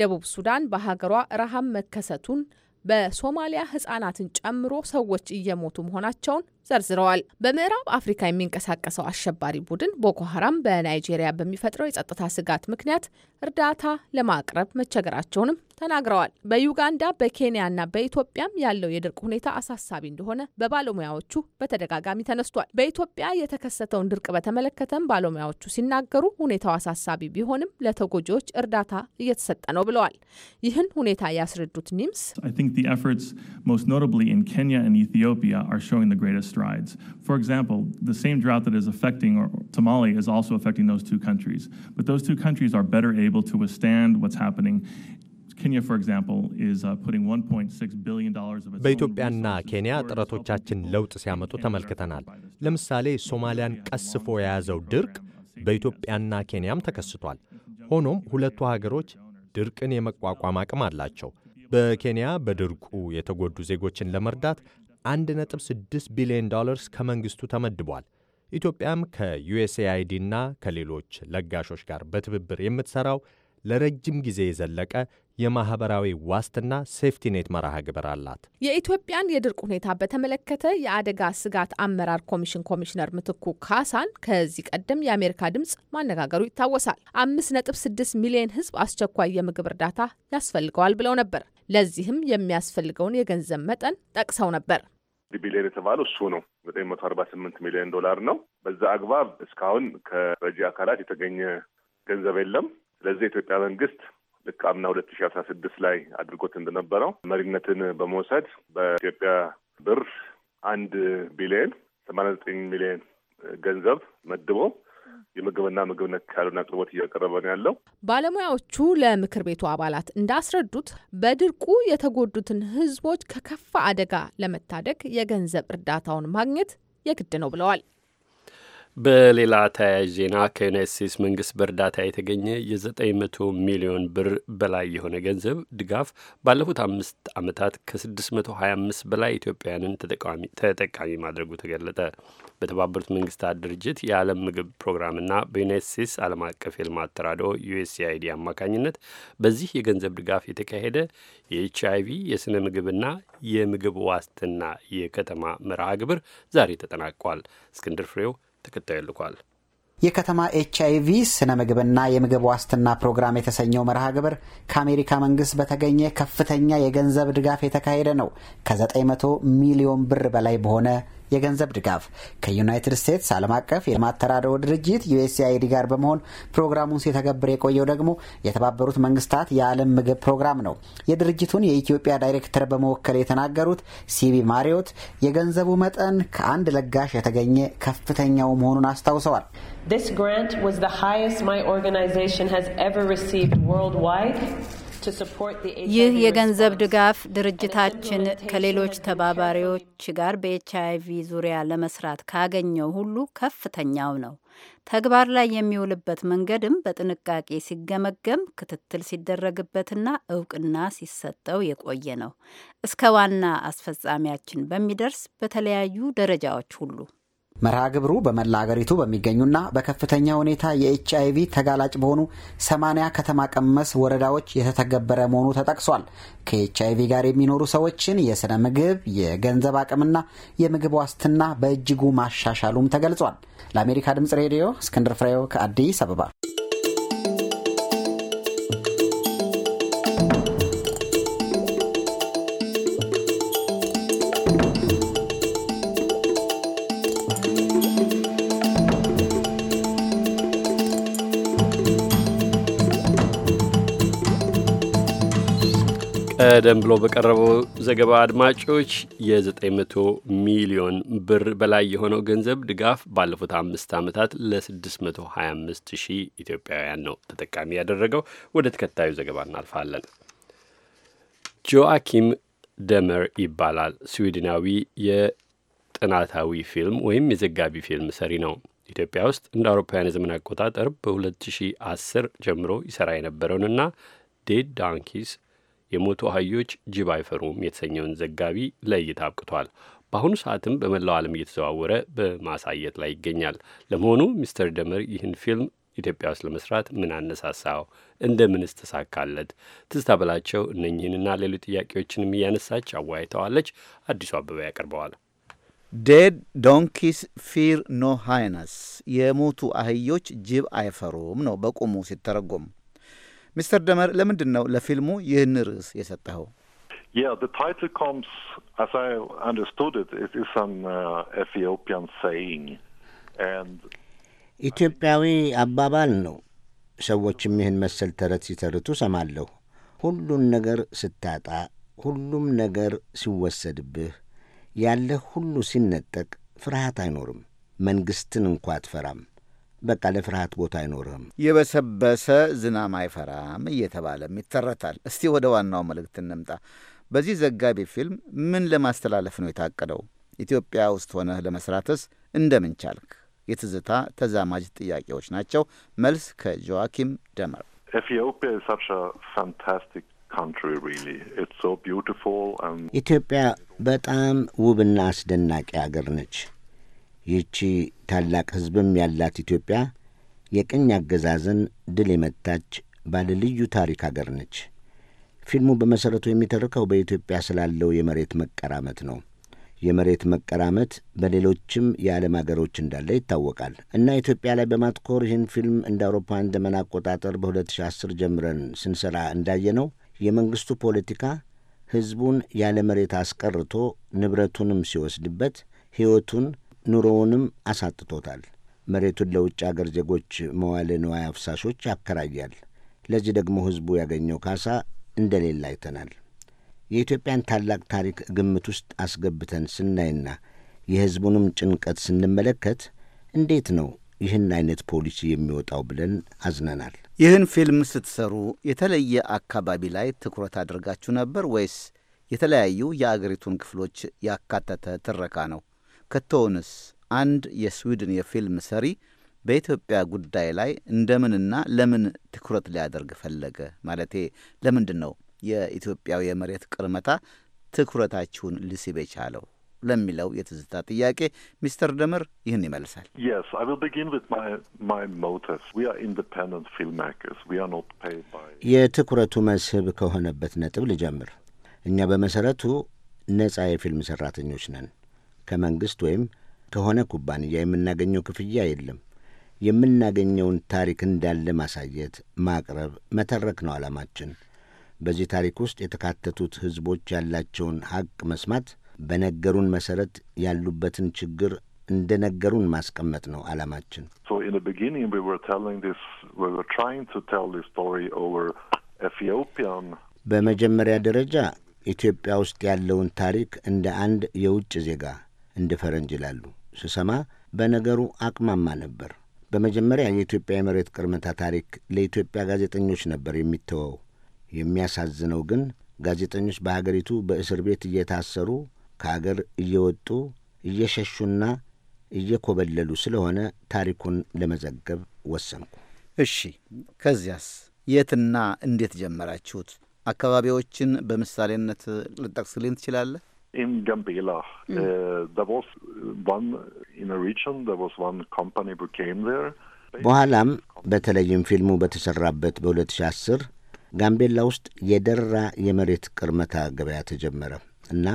ደቡብ ሱዳን በሀገሯ ረሃብ መከሰቱን በሶማሊያ ህጻናትን ጨምሮ ሰዎች እየሞቱ መሆናቸውን ዘርዝረዋል። በምዕራብ አፍሪካ የሚንቀሳቀሰው አሸባሪ ቡድን ቦኮ ሀራም በናይጄሪያ በሚፈጥረው የጸጥታ ስጋት ምክንያት እርዳታ ለማቅረብ መቸገራቸውንም ተናግረዋል። በዩጋንዳ በኬንያና በኢትዮጵያም ያለው የድርቅ ሁኔታ አሳሳቢ እንደሆነ በባለሙያዎቹ በተደጋጋሚ ተነስቷል። በኢትዮጵያ የተከሰተውን ድርቅ በተመለከተም ባለሙያዎቹ ሲናገሩ ሁኔታው አሳሳቢ ቢሆንም ለተጎጂዎች እርዳታ እየተሰጠ ነው ብለዋል። ይህን ሁኔታ ያስረዱት ኒምስ strides. For example, the same drought that is affecting Somalia is also affecting those two countries. But those two countries are better able to withstand what's happening በኢትዮጵያና ኬንያ ጥረቶቻችን ለውጥ ሲያመጡ ተመልክተናል። ለምሳሌ ሶማሊያን ቀስፎ የያዘው ድርቅ በኢትዮጵያና ኬንያም ተከስቷል። ሆኖም ሁለቱ ሀገሮች ድርቅን የመቋቋም አቅም አላቸው። በኬንያ በድርቁ የተጎዱ ዜጎችን ለመርዳት 1.6 ቢሊዮን ዶላርስ ከመንግሥቱ ተመድቧል። ኢትዮጵያም ከዩኤስኤአይዲ ና ከሌሎች ለጋሾች ጋር በትብብር የምትሠራው ለረጅም ጊዜ የዘለቀ የማህበራዊ ዋስትና ሴፍቲኔት መርሃ ግብር አላት። የኢትዮጵያን የድርቅ ሁኔታ በተመለከተ የአደጋ ስጋት አመራር ኮሚሽን ኮሚሽነር ምትኩ ካሳን ከዚህ ቀደም የአሜሪካ ድምፅ ማነጋገሩ ይታወሳል። አምስት ነጥብ ስድስት ሚሊዮን ህዝብ አስቸኳይ የምግብ እርዳታ ያስፈልገዋል ብለው ነበር። ለዚህም የሚያስፈልገውን የገንዘብ መጠን ጠቅሰው ነበር። ቢሊዮን የተባለው እሱ ነው። ዘጠኝ መቶ አርባ ስምንት ሚሊዮን ዶላር ነው። በዛ አግባብ እስካሁን ከረጂ አካላት የተገኘ ገንዘብ የለም። ስለዚህ የኢትዮጵያ መንግስት ልክ አምና ሁለት ሺ አስራ ስድስት ላይ አድርጎት እንደነበረው መሪነትን በመውሰድ በኢትዮጵያ ብር አንድ ቢሊዮን ሰማንያ ዘጠኝ ሚሊዮን ገንዘብ መድቦ የምግብና ምግብ ነክ ያሉን አቅርቦት እያቀረበ ነው ያለው። ባለሙያዎቹ ለምክር ቤቱ አባላት እንዳስረዱት በድርቁ የተጎዱትን ህዝቦች ከከፋ አደጋ ለመታደግ የገንዘብ እርዳታውን ማግኘት የግድ ነው ብለዋል። በሌላ ተያያዥ ዜና ከዩናይት ስቴትስ መንግስት በእርዳታ የተገኘ የ900 ሚሊዮን ብር በላይ የሆነ ገንዘብ ድጋፍ ባለፉት አምስት ዓመታት ከ625 በላይ ኢትዮጵያውያንን ተጠቃሚ ማድረጉ ተገለጠ። በተባበሩት መንግስታት ድርጅት የዓለም ምግብ ፕሮግራምና በዩናይት ስቴትስ ዓለም አቀፍ የልማት ተራድኦ ዩኤስኤአይዲ አማካኝነት በዚህ የገንዘብ ድጋፍ የተካሄደ የኤች አይቪ የሥነ ምግብና የምግብ ዋስትና የከተማ መርሃ ግብር ዛሬ ተጠናቋል። እስክንድር ፍሬው ተከታዩ ልኳል። የከተማ ኤች አይ ቪ ስነ ምግብና የምግብ ዋስትና ፕሮግራም የተሰኘው መርሃ ግብር ከአሜሪካ መንግስት በተገኘ ከፍተኛ የገንዘብ ድጋፍ የተካሄደ ነው። ከ900 ሚሊዮን ብር በላይ በሆነ የገንዘብ ድጋፍ ከዩናይትድ ስቴትስ ዓለም አቀፍ የልማት ተራድኦ ድርጅት ዩኤስአይዲ ጋር በመሆን ፕሮግራሙን ሲተገብር የቆየው ደግሞ የተባበሩት መንግስታት የዓለም ምግብ ፕሮግራም ነው። የድርጅቱን የኢትዮጵያ ዳይሬክተር በመወከል የተናገሩት ሲቢ ማሪዮት የገንዘቡ መጠን ከአንድ ለጋሽ የተገኘ ከፍተኛው መሆኑን አስታውሰዋል። This grant was the highest my organization has ever received worldwide. ይህ የገንዘብ ድጋፍ ድርጅታችን ከሌሎች ተባባሪዎች ጋር በኤች ቪ ዙሪያ ለመስራት ካገኘው ሁሉ ከፍተኛው ነው። ተግባር ላይ የሚውልበት መንገድም በጥንቃቄ ሲገመገም፣ ክትትል ሲደረግበትና እውቅና ሲሰጠው የቆየ ነው። እስከ ዋና አስፈጻሚያችን በሚደርስ በተለያዩ ደረጃዎች ሁሉ መርሃ ግብሩ በመላ አገሪቱ በሚገኙና በከፍተኛ ሁኔታ የኤች አይቪ ተጋላጭ በሆኑ ሰማንያ ከተማ ቀመስ ወረዳዎች የተተገበረ መሆኑ ተጠቅሷል። ከኤች አይቪ ጋር የሚኖሩ ሰዎችን የሥነ ምግብ፣ የገንዘብ አቅምና የምግብ ዋስትና በእጅጉ ማሻሻሉም ተገልጿል። ለአሜሪካ ድምፅ ሬዲዮ እስክንድር ፍሬው ከአዲስ አበባ ቀደም ብሎ በቀረበው ዘገባ አድማጮች የ900 ሚሊዮን ብር በላይ የሆነው ገንዘብ ድጋፍ ባለፉት አምስት ዓመታት ለ625 ሺህ ኢትዮጵያውያን ነው ተጠቃሚ ያደረገው። ወደ ተከታዩ ዘገባ እናልፋለን። ጆአኪም ደመር ይባላል። ስዊድናዊ የጥናታዊ ፊልም ወይም የዘጋቢ ፊልም ሰሪ ነው። ኢትዮጵያ ውስጥ እንደ አውሮፓውያን የዘመን አቆጣጠር በ2010 ጀምሮ ይሠራ የነበረውንና ዴድ ዳንኪስ የሞቱ አህዮች ጅብ አይፈሩም የተሰኘውን ዘጋቢ ለእይታ አብቅቷል። በአሁኑ ሰዓትም በመላው ዓለም እየተዘዋወረ በማሳየት ላይ ይገኛል። ለመሆኑ ሚስተር ደመር ይህን ፊልም ኢትዮጵያ ውስጥ ለመስራት ምን አነሳሳው? እንደምንስ ተሳካለት? ትዝታ በላቸው እነኝህንና ሌሎች ጥያቄዎችንም እያነሳች አወያይተዋለች። አዲሱ አበባ ያቀርበዋል። ዴድ ዶንኪስ ፊር ኖ ሃይነስ የሞቱ አህዮች ጅብ አይፈሩም ነው በቁሙ ሲተረጎም። ሚስተር ደመር ለምንድን ነው ለፊልሙ ይህን ርዕስ የሰጠኸው? Yeah, the title comes, as I understood it, it is an uh, Ethiopian saying. And ኢትዮጵያዊ አባባል ነው። ሰዎችም ይህን መሰል ተረት ሲተርቱ ሰማለሁ። ሁሉን ነገር ስታጣ፣ ሁሉም ነገር ሲወሰድብህ፣ ያለህ ሁሉ ሲነጠቅ፣ ፍርሃት አይኖርም። መንግሥትን እንኳ አትፈራም። በቃ ለፍርሃት ቦታ አይኖርህም። የበሰበሰ ዝናም አይፈራም እየተባለም ይተረታል። እስቲ ወደ ዋናው መልእክት እንምጣ። በዚህ ዘጋቢ ፊልም ምን ለማስተላለፍ ነው የታቀደው? ኢትዮጵያ ውስጥ ሆነህ ለመስራትስ እንደምን ቻልክ? የትዝታ ተዛማጅ ጥያቄዎች ናቸው። መልስ ከጆዋኪም ደመር። ኢትዮጵያ በጣም ውብና አስደናቂ አገር ነች። ይቺ ታላቅ ሕዝብም ያላት ኢትዮጵያ የቅኝ አገዛዝን ድል የመታች ባለ ልዩ ታሪክ አገር ነች። ፊልሙ በመሠረቱ የሚተርከው በኢትዮጵያ ስላለው የመሬት መቀራመት ነው። የመሬት መቀራመት በሌሎችም የዓለም አገሮች እንዳለ ይታወቃል እና ኢትዮጵያ ላይ በማትኮር ይህን ፊልም እንደ አውሮፓውያን ዘመን አቆጣጠር በ2010 ጀምረን ስንሰራ እንዳየነው የመንግስቱ ፖለቲካ ሕዝቡን ያለ መሬት አስቀርቶ ንብረቱንም ሲወስድበት ሕይወቱን ኑሮውንም አሳጥቶታል። መሬቱን ለውጭ አገር ዜጎች መዋለ ንዋይ አፍሳሾች ያከራያል። ለዚህ ደግሞ ሕዝቡ ያገኘው ካሳ እንደሌለ አይተናል። የኢትዮጵያን ታላቅ ታሪክ ግምት ውስጥ አስገብተን ስናይና የሕዝቡንም ጭንቀት ስንመለከት እንዴት ነው ይህን አይነት ፖሊሲ የሚወጣው ብለን አዝነናል። ይህን ፊልም ስትሰሩ የተለየ አካባቢ ላይ ትኩረት አድርጋችሁ ነበር ወይስ የተለያዩ የአገሪቱን ክፍሎች ያካተተ ትረካ ነው? ከቶውንስ አንድ የስዊድን የፊልም ሰሪ በኢትዮጵያ ጉዳይ ላይ እንደምንና ለምን ትኩረት ሊያደርግ ፈለገ? ማለቴ ለምንድን ነው የኢትዮጵያው የመሬት ቅርመታ ትኩረታችሁን ልስብ የቻለው ለሚለው የትዝታ ጥያቄ ሚስተር ደምር ይህን ይመልሳል። የትኩረቱ መስህብ ከሆነበት ነጥብ ልጀምር። እኛ በመሰረቱ ነጻ የፊልም ሰራተኞች ነን። ከመንግሥት ወይም ከሆነ ኩባንያ የምናገኘው ክፍያ የለም። የምናገኘውን ታሪክ እንዳለ ማሳየት፣ ማቅረብ፣ መተረክ ነው ዓላማችን። በዚህ ታሪክ ውስጥ የተካተቱት ሕዝቦች ያላቸውን ሐቅ መስማት፣ በነገሩን መሠረት ያሉበትን ችግር እንደ ነገሩን ማስቀመጥ ነው ዓላማችን። በመጀመሪያ ደረጃ ኢትዮጵያ ውስጥ ያለውን ታሪክ እንደ አንድ የውጭ ዜጋ እንደ ፈረንጅ ይላሉ ስሰማ በነገሩ አቅማማ ነበር። በመጀመሪያ የኢትዮጵያ የመሬት ቅርመታ ታሪክ ለኢትዮጵያ ጋዜጠኞች ነበር የሚተወው። የሚያሳዝነው ግን ጋዜጠኞች በሀገሪቱ በእስር ቤት እየታሰሩ ከአገር እየወጡ እየሸሹና እየኮበለሉ ስለሆነ ታሪኩን ለመዘገብ ወሰንኩ። እሺ፣ ከዚያስ የትና እንዴት ጀመራችሁት? አካባቢዎችን በምሳሌነት ልጠቅስልኝ ትችላለህ? in Gambela. Mm. Uh, there was one in a region, there was one company who came there. በኋላም በተለይም ፊልሙ በተሰራበት በ2010 ጋምቤላ ውስጥ የደራ የመሬት ቅርመታ ገበያ ተጀመረ እና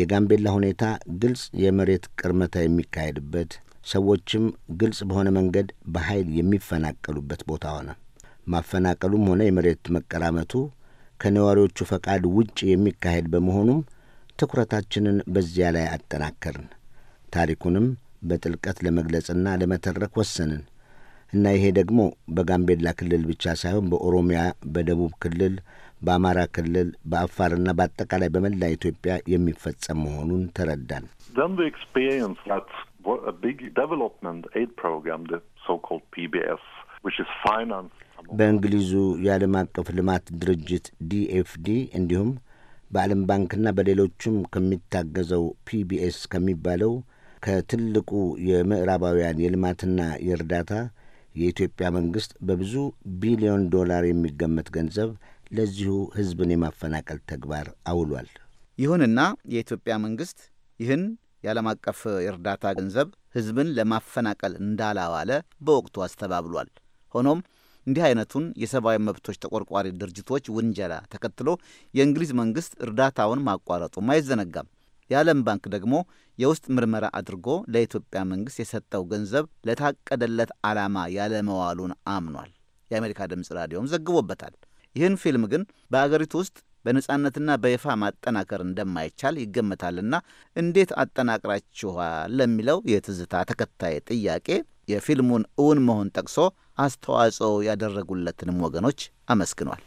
የጋምቤላ ሁኔታ ግልጽ የመሬት ቅርመታ የሚካሄድበት ሰዎችም ግልጽ በሆነ መንገድ በኃይል የሚፈናቀሉበት ቦታ ሆነ። ማፈናቀሉም ሆነ የመሬት መቀራመቱ ከነዋሪዎቹ ፈቃድ ውጭ የሚካሄድ በመሆኑም ትኩረታችንን በዚያ ላይ አጠናከርን። ታሪኩንም በጥልቀት ለመግለጽና ለመተረክ ወሰንን እና ይሄ ደግሞ በጋምቤላ ክልል ብቻ ሳይሆን በኦሮሚያ፣ በደቡብ ክልል፣ በአማራ ክልል፣ በአፋርና በአጠቃላይ በመላ ኢትዮጵያ የሚፈጸም መሆኑን ተረዳን። በእንግሊዙ የዓለም አቀፍ ልማት ድርጅት ዲኤፍዲ እንዲሁም በዓለም ባንክና በሌሎችም ከሚታገዘው ፒቢኤስ ከሚባለው ከትልቁ የምዕራባውያን የልማትና የእርዳታ የኢትዮጵያ መንግስት በብዙ ቢሊዮን ዶላር የሚገመት ገንዘብ ለዚሁ ህዝብን የማፈናቀል ተግባር አውሏል። ይሁንና የኢትዮጵያ መንግስት ይህን የዓለም አቀፍ የእርዳታ ገንዘብ ህዝብን ለማፈናቀል እንዳላዋለ በወቅቱ አስተባብሏል። ሆኖም እንዲህ አይነቱን የሰብአዊ መብቶች ተቆርቋሪ ድርጅቶች ውንጀላ ተከትሎ የእንግሊዝ መንግስት እርዳታውን ማቋረጡም አይዘነጋም። የዓለም ባንክ ደግሞ የውስጥ ምርመራ አድርጎ ለኢትዮጵያ መንግስት የሰጠው ገንዘብ ለታቀደለት ዓላማ ያለመዋሉን አምኗል። የአሜሪካ ድምፅ ራዲዮም ዘግቦበታል። ይህን ፊልም ግን በአገሪቱ ውስጥ በነጻነትና በይፋ ማጠናከር እንደማይቻል ይገመታልና እንዴት አጠናቅራችኋል ለሚለው የትዝታ ተከታይ ጥያቄ የፊልሙን እውን መሆን ጠቅሶ አስተዋጽኦ ያደረጉለትንም ወገኖች አመስግኗል።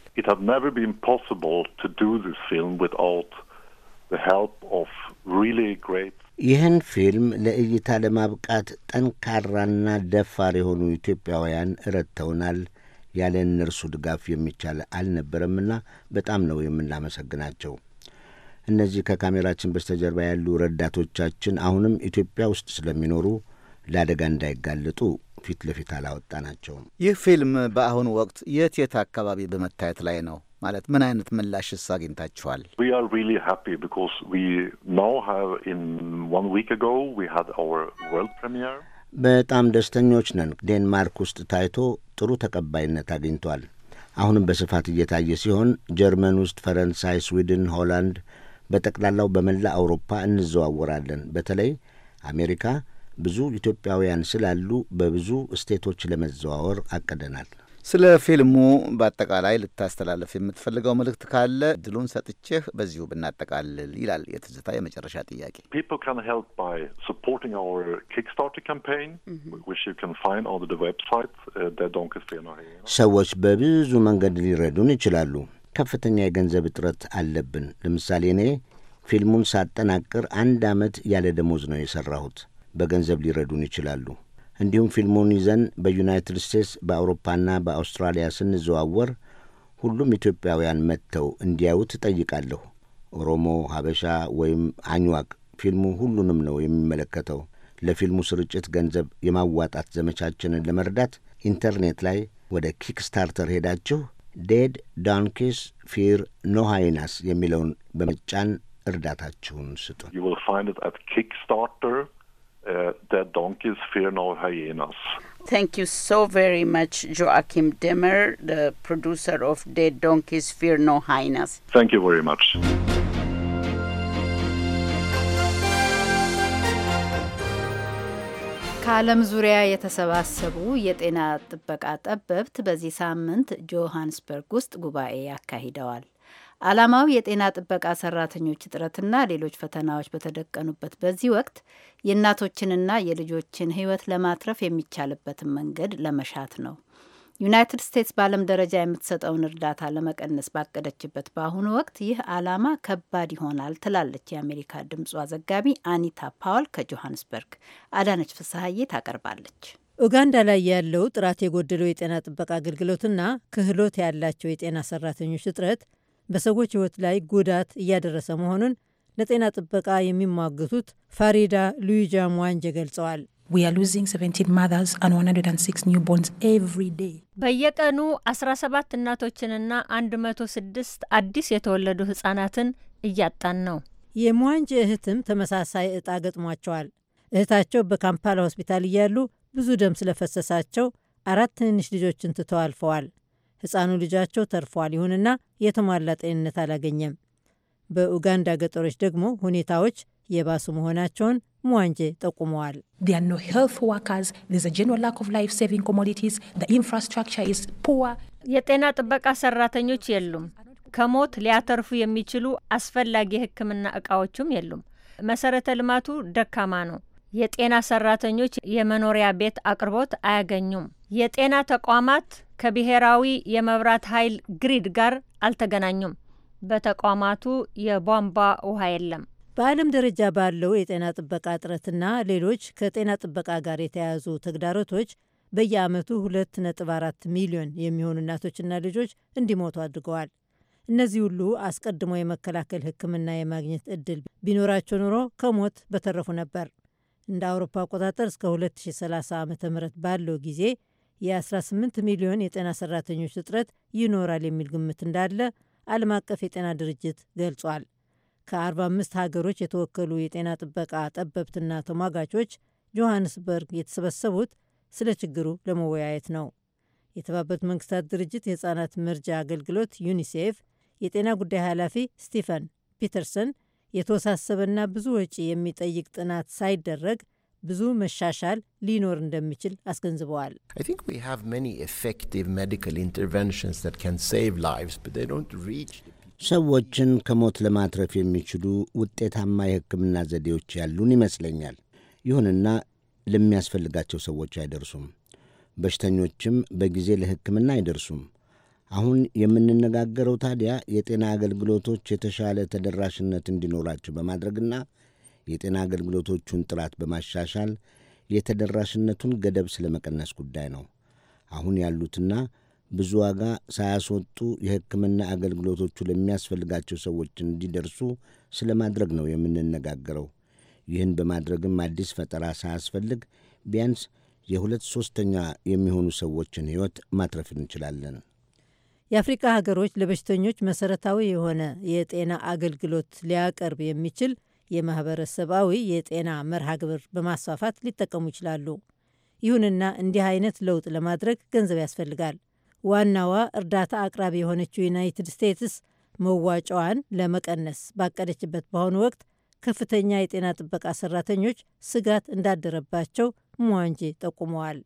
ይህን ፊልም ለእይታ ለማብቃት ጠንካራና ደፋር የሆኑ ኢትዮጵያውያን ረድተውናል። ያለ እነርሱ ድጋፍ የሚቻል አልነበረምና በጣም ነው የምናመሰግናቸው። እነዚህ ከካሜራችን በስተጀርባ ያሉ ረዳቶቻችን አሁንም ኢትዮጵያ ውስጥ ስለሚኖሩ ለአደጋ እንዳይጋለጡ ፊት ለፊት ናቸው። ይህ ፊልም በአሁኑ ወቅት የት የት አካባቢ በመታየት ላይ ነው? ማለት ምን አይነት ምላሽስ አግኝታችኋል? በጣም ደስተኞች ነን። ዴንማርክ ውስጥ ታይቶ ጥሩ ተቀባይነት አግኝቷል። አሁንም በስፋት እየታየ ሲሆን ጀርመን ውስጥ፣ ፈረንሳይ፣ ስዊድን፣ ሆላንድ በጠቅላላው በመላ አውሮፓ እንዘዋወራለን። በተለይ አሜሪካ ብዙ ኢትዮጵያውያን ስላሉ በብዙ ስቴቶች ለመዘዋወር አቅደናል። ስለ ፊልሙ በአጠቃላይ ልታስተላለፍ የምትፈልገው መልእክት ካለ ድሉን ሰጥቼህ በዚሁ ብናጠቃልል ይላል የትዝታ የመጨረሻ ጥያቄ። mm-hmm. uh, ሰዎች በብዙ መንገድ ሊረዱን ይችላሉ። ከፍተኛ የገንዘብ እጥረት አለብን። ለምሳሌ እኔ ፊልሙን ሳጠናቅር አንድ ዓመት ያለ ደሞዝ ነው የሠራሁት። በገንዘብ ሊረዱን ይችላሉ። እንዲሁም ፊልሙን ይዘን በዩናይትድ ስቴትስ በአውሮፓና በአውስትራሊያ ስንዘዋወር ሁሉም ኢትዮጵያውያን መጥተው እንዲያዩት እጠይቃለሁ። ኦሮሞ፣ ሀበሻ ወይም አኝዋክ ፊልሙ ሁሉንም ነው የሚመለከተው። ለፊልሙ ስርጭት ገንዘብ የማዋጣት ዘመቻችንን ለመርዳት ኢንተርኔት ላይ ወደ ኪክስታርተር ሄዳችሁ ዴድ ዶንኪስ ፊር ኖ ሃይናስ የሚለውን በመጫን እርዳታችሁን ስጡን። uh, eh, that donkeys fear no hyenas. Thank you so very much, Joachim Demmer, the producer of Dead Donkeys Fear No Hyenas. Thank you very much. ከዓለም ዙሪያ የተሰባሰቡ የጤና ጥበቃ ጠበብት በዚህ ሳምንት ጆሃንስበርግ ውስጥ ጉባኤ ያካሂደዋል። ዓላማው የጤና ጥበቃ ሰራተኞች እጥረትና ሌሎች ፈተናዎች በተደቀኑበት በዚህ ወቅት የእናቶችንና የልጆችን ሕይወት ለማትረፍ የሚቻልበትን መንገድ ለመሻት ነው። ዩናይትድ ስቴትስ በዓለም ደረጃ የምትሰጠውን እርዳታ ለመቀነስ ባቀደችበት በአሁኑ ወቅት ይህ ዓላማ ከባድ ይሆናል ትላለች የአሜሪካ ድምጿ ዘጋቢ አኒታ ፓውል ከጆሃንስበርግ። አዳነች ፍስሀዬ ታቀርባለች። ኡጋንዳ ላይ ያለው ጥራት የጎደለው የጤና ጥበቃ አገልግሎትና ክህሎት ያላቸው የጤና ሰራተኞች እጥረት በሰዎች ሕይወት ላይ ጉዳት እያደረሰ መሆኑን ለጤና ጥበቃ የሚሟገቱት ፋሪዳ ሉዊጃ ሙዋንጀ ገልጸዋል። በየቀኑ 17 እናቶችንና 106 አዲስ የተወለዱ ህጻናትን እያጣን ነው። የሙዋንጀ እህትም ተመሳሳይ እጣ ገጥሟቸዋል። እህታቸው በካምፓላ ሆስፒታል እያሉ ብዙ ደም ስለፈሰሳቸው አራት ትንንሽ ልጆችን ትተው አልፈዋል። ሕፃኑ ልጃቸው ተርፏል። ይሁንና የተሟላ ጤንነት አላገኘም። በኡጋንዳ ገጠሮች ደግሞ ሁኔታዎች የባሱ መሆናቸውን ሙዋንጄ ጠቁመዋል። የጤና ጥበቃ ሰራተኞች የሉም። ከሞት ሊያተርፉ የሚችሉ አስፈላጊ የሕክምና እቃዎችም የሉም። መሰረተ ልማቱ ደካማ ነው። የጤና ሰራተኞች የመኖሪያ ቤት አቅርቦት አያገኙም። የጤና ተቋማት ከብሔራዊ የመብራት ኃይል ግሪድ ጋር አልተገናኙም። በተቋማቱ የቧንቧ ውሃ የለም። በዓለም ደረጃ ባለው የጤና ጥበቃ እጥረትና ሌሎች ከጤና ጥበቃ ጋር የተያያዙ ተግዳሮቶች በየዓመቱ 2.4 ሚሊዮን የሚሆኑ እናቶችና ልጆች እንዲሞቱ አድርገዋል። እነዚህ ሁሉ አስቀድሞ የመከላከል ሕክምና የማግኘት እድል ቢኖራቸው ኑሮ ከሞት በተረፉ ነበር። እንደ አውሮፓ አቆጣጠር እስከ 2030 ዓ ም ባለው ጊዜ የ18 ሚሊዮን የጤና ሰራተኞች እጥረት ይኖራል የሚል ግምት እንዳለ ዓለም አቀፍ የጤና ድርጅት ገልጿል። ከ45 ሀገሮች የተወከሉ የጤና ጥበቃ ጠበብትና ተሟጋቾች ጆሐንስበርግ የተሰበሰቡት ስለ ችግሩ ለመወያየት ነው። የተባበሩት መንግስታት ድርጅት የሕፃናት መርጃ አገልግሎት ዩኒሴፍ የጤና ጉዳይ ኃላፊ ስቲፈን ፒተርሰን የተወሳሰበና ብዙ ወጪ የሚጠይቅ ጥናት ሳይደረግ ብዙ መሻሻል ሊኖር እንደሚችል አስገንዝበዋል። ሰዎችን ከሞት ለማትረፍ የሚችሉ ውጤታማ የሕክምና ዘዴዎች ያሉን ይመስለኛል። ይሁንና ለሚያስፈልጋቸው ሰዎች አይደርሱም። በሽተኞችም በጊዜ ለሕክምና አይደርሱም። አሁን የምንነጋገረው ታዲያ የጤና አገልግሎቶች የተሻለ ተደራሽነት እንዲኖራቸው በማድረግና የጤና አገልግሎቶቹን ጥራት በማሻሻል የተደራሽነቱን ገደብ ስለመቀነስ ጉዳይ ነው። አሁን ያሉትና ብዙ ዋጋ ሳያስወጡ የሕክምና አገልግሎቶቹ ለሚያስፈልጋቸው ሰዎች እንዲደርሱ ስለማድረግ ነው የምንነጋገረው። ይህን በማድረግም አዲስ ፈጠራ ሳያስፈልግ ቢያንስ የሁለት ሶስተኛ የሚሆኑ ሰዎችን ሕይወት ማትረፍ እንችላለን። የአፍሪካ ሀገሮች ለበሽተኞች መሰረታዊ የሆነ የጤና አገልግሎት ሊያቀርብ የሚችል የማህበረሰባዊ የጤና መርሃ ግብር በማስፋፋት ሊጠቀሙ ይችላሉ። ይሁንና እንዲህ አይነት ለውጥ ለማድረግ ገንዘብ ያስፈልጋል። ዋናዋ እርዳታ አቅራቢ የሆነችው ዩናይትድ ስቴትስ መዋጫዋን ለመቀነስ ባቀደችበት በአሁኑ ወቅት ከፍተኛ የጤና ጥበቃ ሰራተኞች ስጋት እንዳደረባቸው ሙዋንጄ ጠቁመዋል።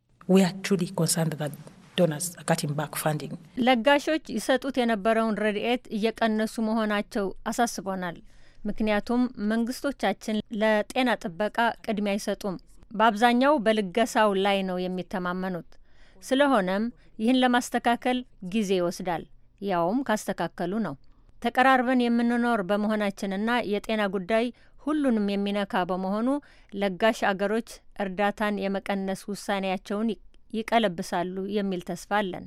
ለጋሾች ይሰጡት የነበረውን ረድኤት እየቀነሱ መሆናቸው አሳስቦናል። ምክንያቱም መንግስቶቻችን ለጤና ጥበቃ ቅድሚያ አይሰጡም። በአብዛኛው በልገሳው ላይ ነው የሚተማመኑት። ስለሆነም ይህን ለማስተካከል ጊዜ ይወስዳል። ያውም ካስተካከሉ ነው። ተቀራርበን የምንኖር በመሆናችንና የጤና ጉዳይ ሁሉንም የሚነካ በመሆኑ ለጋሽ አገሮች እርዳታን የመቀነስ ውሳኔያቸውን ይቀለብሳሉ የሚል ተስፋ አለን።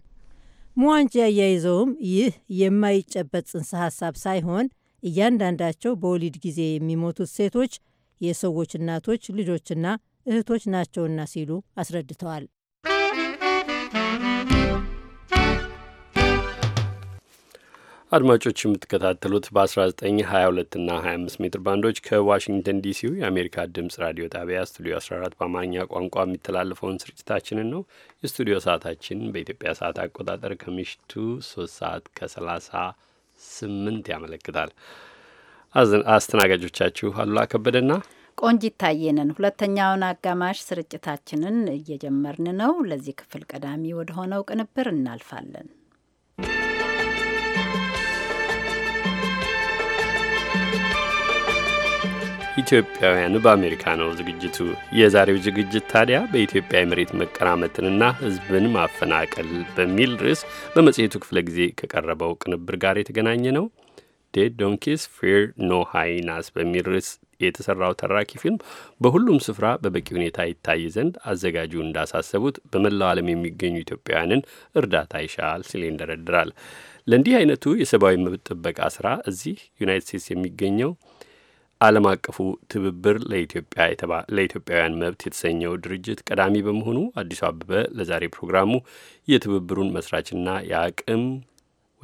ሙዋንጂ አያይዘውም ይህ የማይጨበጥ ጽንሰ ሀሳብ ሳይሆን እያንዳንዳቸው በወሊድ ጊዜ የሚሞቱት ሴቶች የሰዎች እናቶች፣ ልጆችና እህቶች ናቸውና ሲሉ አስረድተዋል። አድማጮች የምትከታተሉት በ1922 እና 25 ሜትር ባንዶች ከዋሽንግተን ዲሲው የአሜሪካ ድምፅ ራዲዮ ጣቢያ ስቱዲዮ 14 በአማርኛ ቋንቋ የሚተላለፈውን ስርጭታችንን ነው። የስቱዲዮ ሰዓታችን በኢትዮጵያ ሰዓት አቆጣጠር ከምሽቱ 3 ሰዓት ከ30 ስምንት ያመለክታል። አስተናጋጆቻችሁ አሉላ ከበደና ቆንጂት ታየነን። ሁለተኛውን አጋማሽ ስርጭታችንን እየጀመርን ነው። ለዚህ ክፍል ቀዳሚ ወደ ሆነው ቅንብር እናልፋለን። ኢትዮጵያውያን በአሜሪካ ነው ዝግጅቱ። የዛሬው ዝግጅት ታዲያ በኢትዮጵያ የመሬት መቀራመትንና ሕዝብን ማፈናቀል በሚል ርዕስ በመጽሔቱ ክፍለ ጊዜ ከቀረበው ቅንብር ጋር የተገናኘ ነው። ዴድ ዶንኪስ ፌር ኖ ሃይናስ በሚል ርዕስ የተሰራው ተራኪ ፊልም በሁሉም ስፍራ በበቂ ሁኔታ ይታይ ዘንድ አዘጋጁ እንዳሳሰቡት በመላው ዓለም የሚገኙ ኢትዮጵያውያንን እርዳታ ይሻል ሲል ይንደረድራል። ለእንዲህ አይነቱ የሰብአዊ መብት ጥበቃ ስራ እዚህ ዩናይት ስቴትስ የሚገኘው ዓለም አቀፉ ትብብር ለኢትዮጵያውያን መብት የተሰኘው ድርጅት ቀዳሚ በመሆኑ አዲሱ አበበ ለዛሬ ፕሮግራሙ የትብብሩን መስራችና የአቅም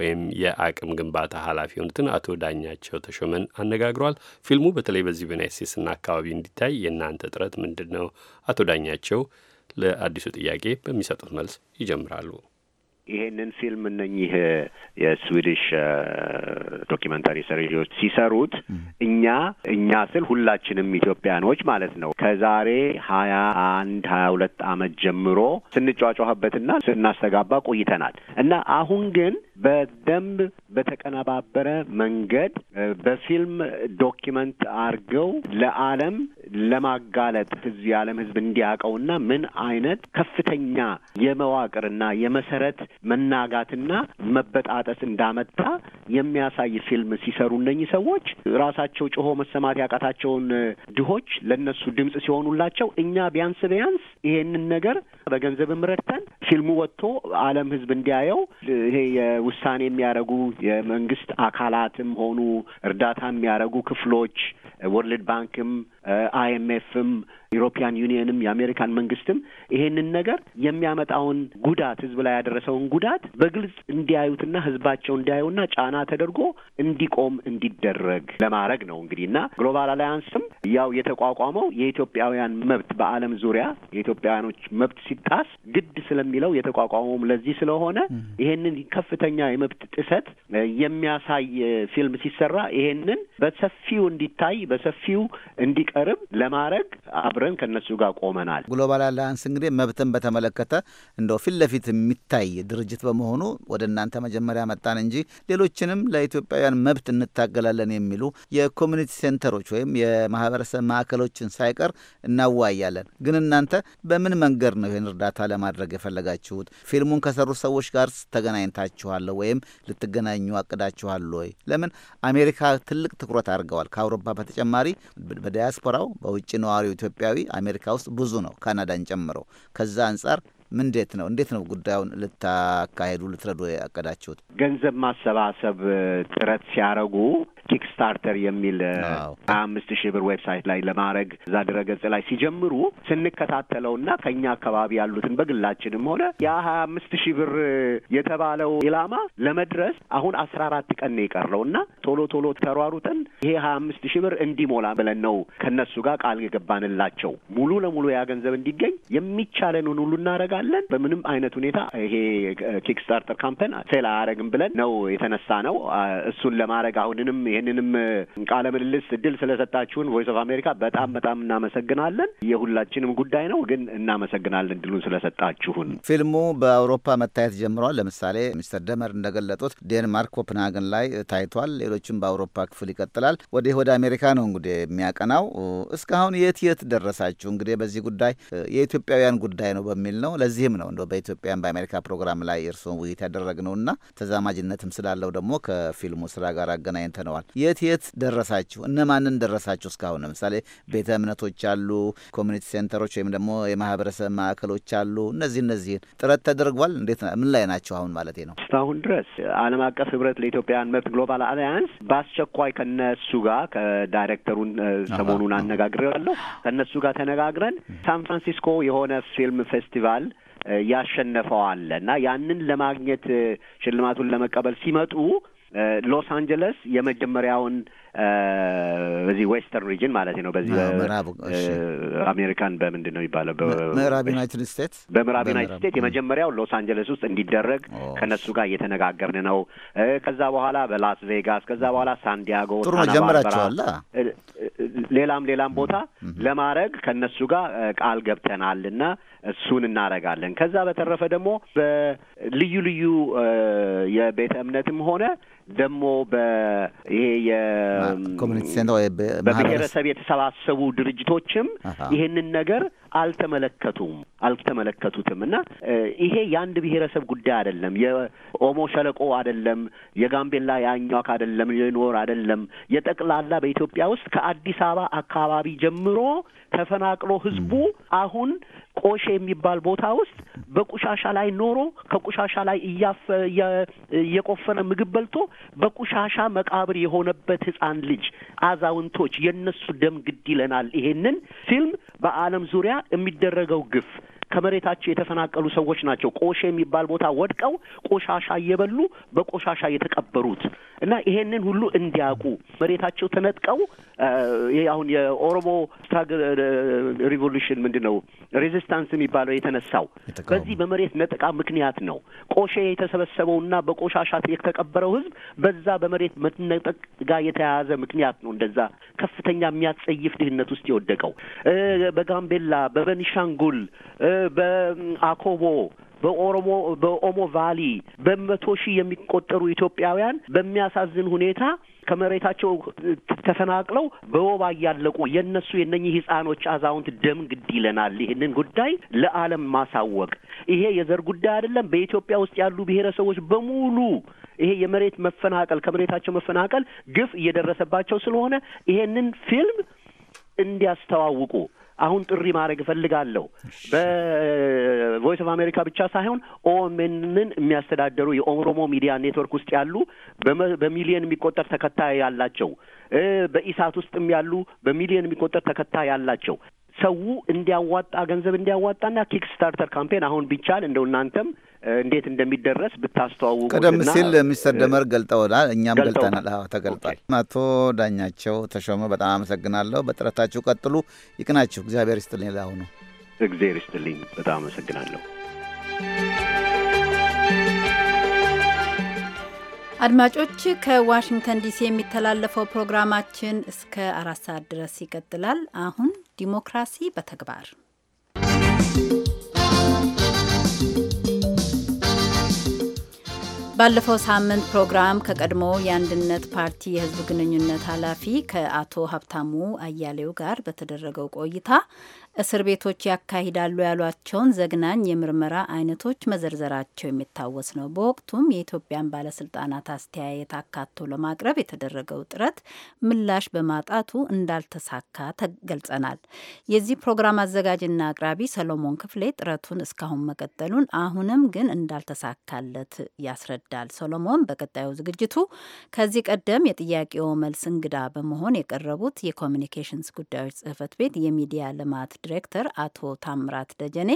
ወይም የአቅም ግንባታ ኃላፊ የሆኑትን አቶ ዳኛቸው ተሾመን አነጋግሯል። ፊልሙ በተለይ በዚህ በዩናይት ስቴትስና አካባቢ እንዲታይ የእናንተ ጥረት ምንድን ነው? አቶ ዳኛቸው ለአዲሱ ጥያቄ በሚሰጡት መልስ ይጀምራሉ። ይሄንን ፊልም እነኚህ የስዊድሽ ዶኪመንታሪ ሰሪዎች ሲሰሩት እኛ እኛ ስል ሁላችንም ኢትዮጵያኖች ማለት ነው ከዛሬ ሀያ አንድ ሀያ ሁለት ዓመት ጀምሮ ስንጫጫኸበትና ስናስተጋባ ቆይተናል እና አሁን ግን በደንብ በተቀነባበረ መንገድ በፊልም ዶኪመንት አድርገው ለዓለም ለማጋለጥ ህዝብ የዓለም ህዝብ እንዲያውቀውና ምን አይነት ከፍተኛ የመዋቅርና የመሰረት መናጋትና መበጣጠስ እንዳመጣ የሚያሳይ ፊልም ሲሰሩ እነኚህ ሰዎች ራሳቸው ጮሆ መሰማት ያቃታቸውን ድሆች ለነሱ ድምጽ ሲሆኑላቸው እኛ ቢያንስ ቢያንስ ይሄንን ነገር በገንዘብም ረድተን ፊልሙ ወጥቶ ዓለም ህዝብ እንዲያየው ይሄ የውሳኔ የሚያደርጉ የመንግስት አካላትም ሆኑ እርዳታ የሚያደርጉ ክፍሎች ወርልድ ባንክም አይኤምኤፍም ዩሮፒያን ዩኒየንም የአሜሪካን መንግስትም ይሄንን ነገር የሚያመጣውን ጉዳት ህዝብ ላይ ያደረሰውን ጉዳት በግልጽ እንዲያዩትና ህዝባቸው እንዲያዩና ጫና ተደርጎ እንዲቆም እንዲደረግ ለማድረግ ነው እንግዲህ እና ግሎባል አላያንስም ያው የተቋቋመው የኢትዮጵያውያን መብት በዓለም ዙሪያ የኢትዮጵያውያኖች መብት ሲጣስ ግድ ስለሚለው የተቋቋመውም ለዚህ ስለሆነ ይሄንን ከፍተኛ የመብት ጥሰት የሚያሳይ ፊልም ሲሰራ ይሄንን በሰፊው እንዲታይ በሰፊው እንዲ እንዲቀርብ ለማድረግ አብረን ከእነሱ ጋር ቆመናል። ግሎባል አላያንስ እንግዲህ መብትን በተመለከተ እንደው ፊት ለፊት የሚታይ ድርጅት በመሆኑ ወደ እናንተ መጀመሪያ መጣን እንጂ ሌሎችንም ለኢትዮጵያውያን መብት እንታገላለን የሚሉ የኮሚኒቲ ሴንተሮች ወይም የማህበረሰብ ማዕከሎችን ሳይቀር እናዋያለን። ግን እናንተ በምን መንገድ ነው ይህን እርዳታ ለማድረግ የፈለጋችሁት? ፊልሙን ከሰሩ ሰዎች ጋር ተገናኝታችኋለሁ ወይም ልትገናኙ አቅዳችኋል ወይ? ለምን አሜሪካ ትልቅ ትኩረት አድርገዋል። ከአውሮፓ በተጨማሪ በዲያስ ዲያስፖራው በውጭ ነዋሪው ኢትዮጵያዊ አሜሪካ ውስጥ ብዙ ነው፣ ካናዳን ጨምሮ። ከዛ አንጻር እንዴት ነው እንዴት ነው ጉዳዩን ልታካሄዱ ልትረዱ ያቀዳችሁት? ገንዘብ ማሰባሰብ ጥረት ሲያረጉ ኪክስታርተር የሚል አምስት ሺህ ብር ዌብሳይት ላይ ለማድረግ እዛ ድረገጽ ላይ ሲጀምሩ ስንከታተለውና ከኛ አካባቢ ያሉትን በግላችንም ሆነ ያ ሀያ አምስት ሺህ ብር የተባለው ኢላማ ለመድረስ አሁን አስራ አራት ቀን ነው የቀረው እና ቶሎ ቶሎ ተሯሩጠን ይሄ ሀያ አምስት ሺህ ብር እንዲሞላ ብለን ነው ከነሱ ጋር ቃል የገባንላቸው። ሙሉ ለሙሉ ያ ገንዘብ እንዲገኝ የሚቻለንን ሁሉ እናደርጋለን። በምንም አይነት ሁኔታ ይሄ ኪክስታርተር ካምፔን ሴል አያደርግም ብለን ነው የተነሳ ነው እሱን ለማድረግ አሁንንም ይህንንም ቃለ ምልልስ እድል ስለሰጣችሁን ቮይስ ኦፍ አሜሪካ በጣም በጣም እናመሰግናለን። የሁላችንም ጉዳይ ነው፣ ግን እናመሰግናለን እድሉን ስለሰጣችሁን። ፊልሙ በአውሮፓ መታየት ጀምሯል። ለምሳሌ ሚስተር ደመር እንደገለጡት ዴንማርክ ኮፕንሃገን ላይ ታይቷል። ሌሎችም በአውሮፓ ክፍል ይቀጥላል። ወዲህ ወደ አሜሪካ ነው እንግዲህ የሚያቀናው። እስካሁን የት የት ደረሳችሁ? እንግዲህ በዚህ ጉዳይ የኢትዮጵያውያን ጉዳይ ነው በሚል ነው። ለዚህም ነው እንደ በኢትዮጵያን በአሜሪካ ፕሮግራም ላይ እርስዎን ውይይት ያደረግነው እና ተዛማጅነትም ስላለው ደግሞ ከፊልሙ ስራ ጋር አገናኝተነዋል። ጀምረዋል። የት የት ደረሳችሁ? እነማንን ደረሳችሁ? እስካሁን ለምሳሌ ቤተ እምነቶች አሉ፣ ኮሚኒቲ ሴንተሮች ወይም ደግሞ የማህበረሰብ ማዕከሎች አሉ። እነዚህ እነዚህን ጥረት ተደርጓል። እንዴት ምን ላይ ናቸው አሁን ማለት ነው? እስካሁን ድረስ ዓለም አቀፍ ህብረት ለኢትዮጵያውያን መብት ግሎባል አሊያንስ በአስቸኳይ ከነሱ ጋር ከዳይሬክተሩን ሰሞኑን አነጋግሬዋለሁ። ከእነሱ ጋር ተነጋግረን ሳን ፍራንሲስኮ የሆነ ፊልም ፌስቲቫል ያሸነፈዋል እና ያንን ለማግኘት ሽልማቱን ለመቀበል ሲመጡ ሎስ አንጀለስ የመጀመሪያውን በዚህ ዌስተርን ሪጅን ማለት ነው። በዚህ አሜሪካን በምንድን ነው የሚባለው? ምዕራብ ዩናይትድ ስቴትስ በምዕራብ ዩናይትድ ስቴትስ የመጀመሪያው ሎስ አንጀለስ ውስጥ እንዲደረግ ከነሱ ጋር እየተነጋገርን ነው። ከዛ በኋላ በላስ ቬጋስ፣ ከዛ በኋላ ሳንዲያጎ ጥሩ ጀምራቸዋል። ሌላም ሌላም ቦታ ለማድረግ ከነሱ ጋር ቃል ገብተናል እና እሱን እናደርጋለን። ከዛ በተረፈ ደግሞ በልዩ ልዩ የቤተ እምነትም ሆነ ደግሞ በይሄ ኮሚኒቲ ሴንተር በብሔረሰብ የተሰባሰቡ ድርጅቶችም ይህንን ነገር አልተመለከቱም አልተመለከቱትም። እና ይሄ የአንድ ብሔረሰብ ጉዳይ አይደለም። የኦሞ ሸለቆ አይደለም፣ የጋምቤላ የአኟክ አይደለም፣ የኖር አይደለም። የጠቅላላ በኢትዮጵያ ውስጥ ከአዲስ አበባ አካባቢ ጀምሮ ተፈናቅሎ ህዝቡ አሁን ቆሼ የሚባል ቦታ ውስጥ በቁሻሻ ላይ ኖሮ ከቁሻሻ ላይ እያፈ የቆፈነ ምግብ በልቶ በቁሻሻ መቃብር የሆነበት ህጻን ልጅ፣ አዛውንቶች የነሱ ደም ግድ ይለናል። ይሄንን ፊልም በዓለም ዙሪያ የሚደረገው ግፍ ከመሬታቸው የተፈናቀሉ ሰዎች ናቸው። ቆሼ የሚባል ቦታ ወድቀው ቆሻሻ እየበሉ በቆሻሻ የተቀበሩት እና ይሄንን ሁሉ እንዲያውቁ መሬታቸው ተነጥቀው አሁን የኦሮሞ ስታግል ሪቮሉሽን ምንድን ነው ሬዚስታንስ የሚባለው የተነሳው በዚህ በመሬት ነጠቃ ምክንያት ነው። ቆሼ የተሰበሰበውና በቆሻሻ የተቀበረው ህዝብ በዛ በመሬት መነጠቅ ጋር የተያያዘ ምክንያት ነው። እንደዛ ከፍተኛ የሚያጸይፍ ድህነት ውስጥ የወደቀው በጋምቤላ፣ በበኒሻንጉል በአኮቦ በኦሮሞ በኦሞ ቫሊ በመቶ ሺህ የሚቆጠሩ ኢትዮጵያውያን በሚያሳዝን ሁኔታ ከመሬታቸው ተፈናቅለው በወባ እያለቁ የእነሱ የነኚህ ህጻኖች፣ አዛውንት ደም ግድ ይለናል። ይህንን ጉዳይ ለዓለም ማሳወቅ ይሄ የዘር ጉዳይ አይደለም። በኢትዮጵያ ውስጥ ያሉ ብሔረሰቦች በሙሉ ይሄ የመሬት መፈናቀል ከመሬታቸው መፈናቀል ግፍ እየደረሰባቸው ስለሆነ ይሄንን ፊልም እንዲያስተዋውቁ አሁን ጥሪ ማድረግ እፈልጋለሁ። በቮይስ ኦፍ አሜሪካ ብቻ ሳይሆን ኦኤምኤንን የሚያስተዳደሩ የኦሮሞ ሚዲያ ኔትወርክ ውስጥ ያሉ በሚሊየን የሚቆጠር ተከታይ ያላቸው በኢሳት ውስጥም ያሉ በሚሊየን የሚቆጠር ተከታይ ያላቸው ሰው እንዲያዋጣ ገንዘብ እንዲያዋጣና ኪክስታርተር ካምፔን አሁን ቢቻል እንደው እናንተም እንዴት እንደሚደረስ ብታስተዋውቁ። ቀደም ሲል ሚስተር ደመር ገልጠውናል፣ እኛም ገልጠናል። ተገልጧል። አቶ ዳኛቸው ተሾመ በጣም አመሰግናለሁ። በጥረታችሁ ቀጥሉ፣ ይቅናችሁ። እግዚአብሔር ይስጥልኝ። ለአሁኑ እግዚአብሔር ይስጥልኝ። በጣም አመሰግናለሁ። አድማጮች ከዋሽንግተን ዲሲ የሚተላለፈው ፕሮግራማችን እስከ አራት ሰዓት ድረስ ይቀጥላል። አሁን ዲሞክራሲ በተግባር ባለፈው ሳምንት ፕሮግራም ከቀድሞ የአንድነት ፓርቲ የህዝብ ግንኙነት ኃላፊ ከአቶ ሀብታሙ አያሌው ጋር በተደረገው ቆይታ እስር ቤቶች ያካሂዳሉ ያሏቸውን ዘግናኝ የምርመራ አይነቶች መዘርዘራቸው የሚታወስ ነው። በወቅቱም የኢትዮጵያን ባለስልጣናት አስተያየት አካቶ ለማቅረብ የተደረገው ጥረት ምላሽ በማጣቱ እንዳልተሳካ ተገልጸናል። የዚህ ፕሮግራም አዘጋጅና አቅራቢ ሰሎሞን ክፍሌ ጥረቱን እስካሁን መቀጠሉን አሁንም ግን እንዳልተሳካለት ያስረዳል። ሰሎሞን በቀጣዩ ዝግጅቱ ከዚህ ቀደም የጥያቄው መልስ እንግዳ በመሆን የቀረቡት የኮሚኒኬሽንስ ጉዳዮች ጽህፈት ቤት የሚዲያ ልማት ዲሬክተር አቶ ታምራት ደጀኔ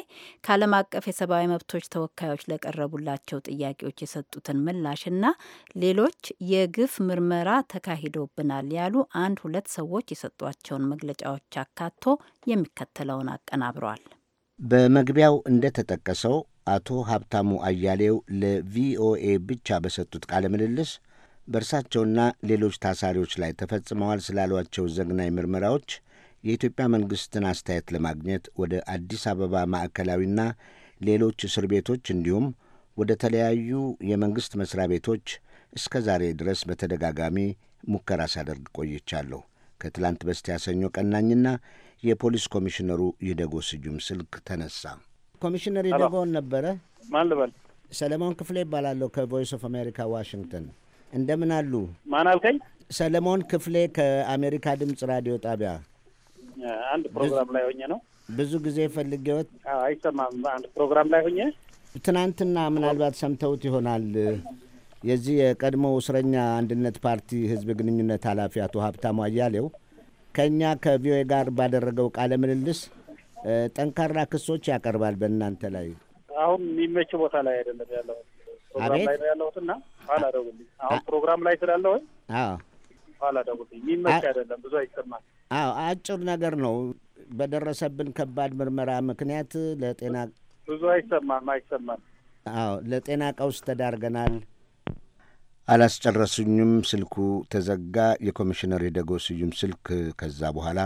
ከዓለም አቀፍ የሰብአዊ መብቶች ተወካዮች ለቀረቡላቸው ጥያቄዎች የሰጡትን ምላሽና ሌሎች የግፍ ምርመራ ተካሂዶብናል ያሉ አንድ ሁለት ሰዎች የሰጧቸውን መግለጫዎች አካቶ የሚከተለውን አቀናብረዋል። በመግቢያው እንደተጠቀሰው አቶ ሀብታሙ አያሌው ለቪኦኤ ብቻ በሰጡት ቃለ ምልልስ በእርሳቸውና ሌሎች ታሳሪዎች ላይ ተፈጽመዋል ስላሏቸው ዘግናኝ ምርመራዎች የኢትዮጵያ መንግሥትን አስተያየት ለማግኘት ወደ አዲስ አበባ ማዕከላዊና ሌሎች እስር ቤቶች እንዲሁም ወደ ተለያዩ የመንግሥት መሥሪያ ቤቶች እስከ ዛሬ ድረስ በተደጋጋሚ ሙከራ ሳደርግ ቆይቻለሁ። ከትላንት በስቲያ ሰኞ ቀናኝና የፖሊስ ኮሚሽነሩ ይደጎ ስዩም ስልክ ተነሳ። ኮሚሽነር ይደጎን ነበረ። ማን ልበል? ሰለሞን ክፍሌ ይባላለሁ ከቮይስ ኦፍ አሜሪካ ዋሽንግተን። እንደምን አሉ? ማን አልከኝ? ሰለሞን ክፍሌ ከአሜሪካ ድምፅ ራዲዮ ጣቢያ አንድ ፕሮግራም ላይ ሆኜ ነው። ብዙ ጊዜ ፈልጌዎት አይሰማም። አንድ ፕሮግራም ላይ ሆኜ ትናንትና ምናልባት ሰምተውት ይሆናል። የዚህ የቀድሞ እስረኛ አንድነት ፓርቲ ህዝብ ግንኙነት ኃላፊ አቶ ሀብታሙ አያሌው ከእኛ ከቪኦኤ ጋር ባደረገው ቃለ ምልልስ ጠንካራ ክሶች ያቀርባል በእናንተ ላይ። አሁን የሚመች ቦታ ላይ አይደለም ያለው ፕሮግራም ላይ ነው ያለሁትና ኋላ ደውልኝ። አሁን ፕሮግራም ላይ ስላለሁ ኋላ ደውልኝ። የሚመች አይደለም ብዙ አይሰማል። አዎ አጭር ነገር ነው። በደረሰብን ከባድ ምርመራ ምክንያት ለጤና ብዙ አይሰማም አይሰማም። አዎ ለጤና ቀውስ ተዳርገናል። አላስጨረሱኝም። ስልኩ ተዘጋ። የኮሚሽነር የደጎ ስዩም ስልክ ከዛ በኋላ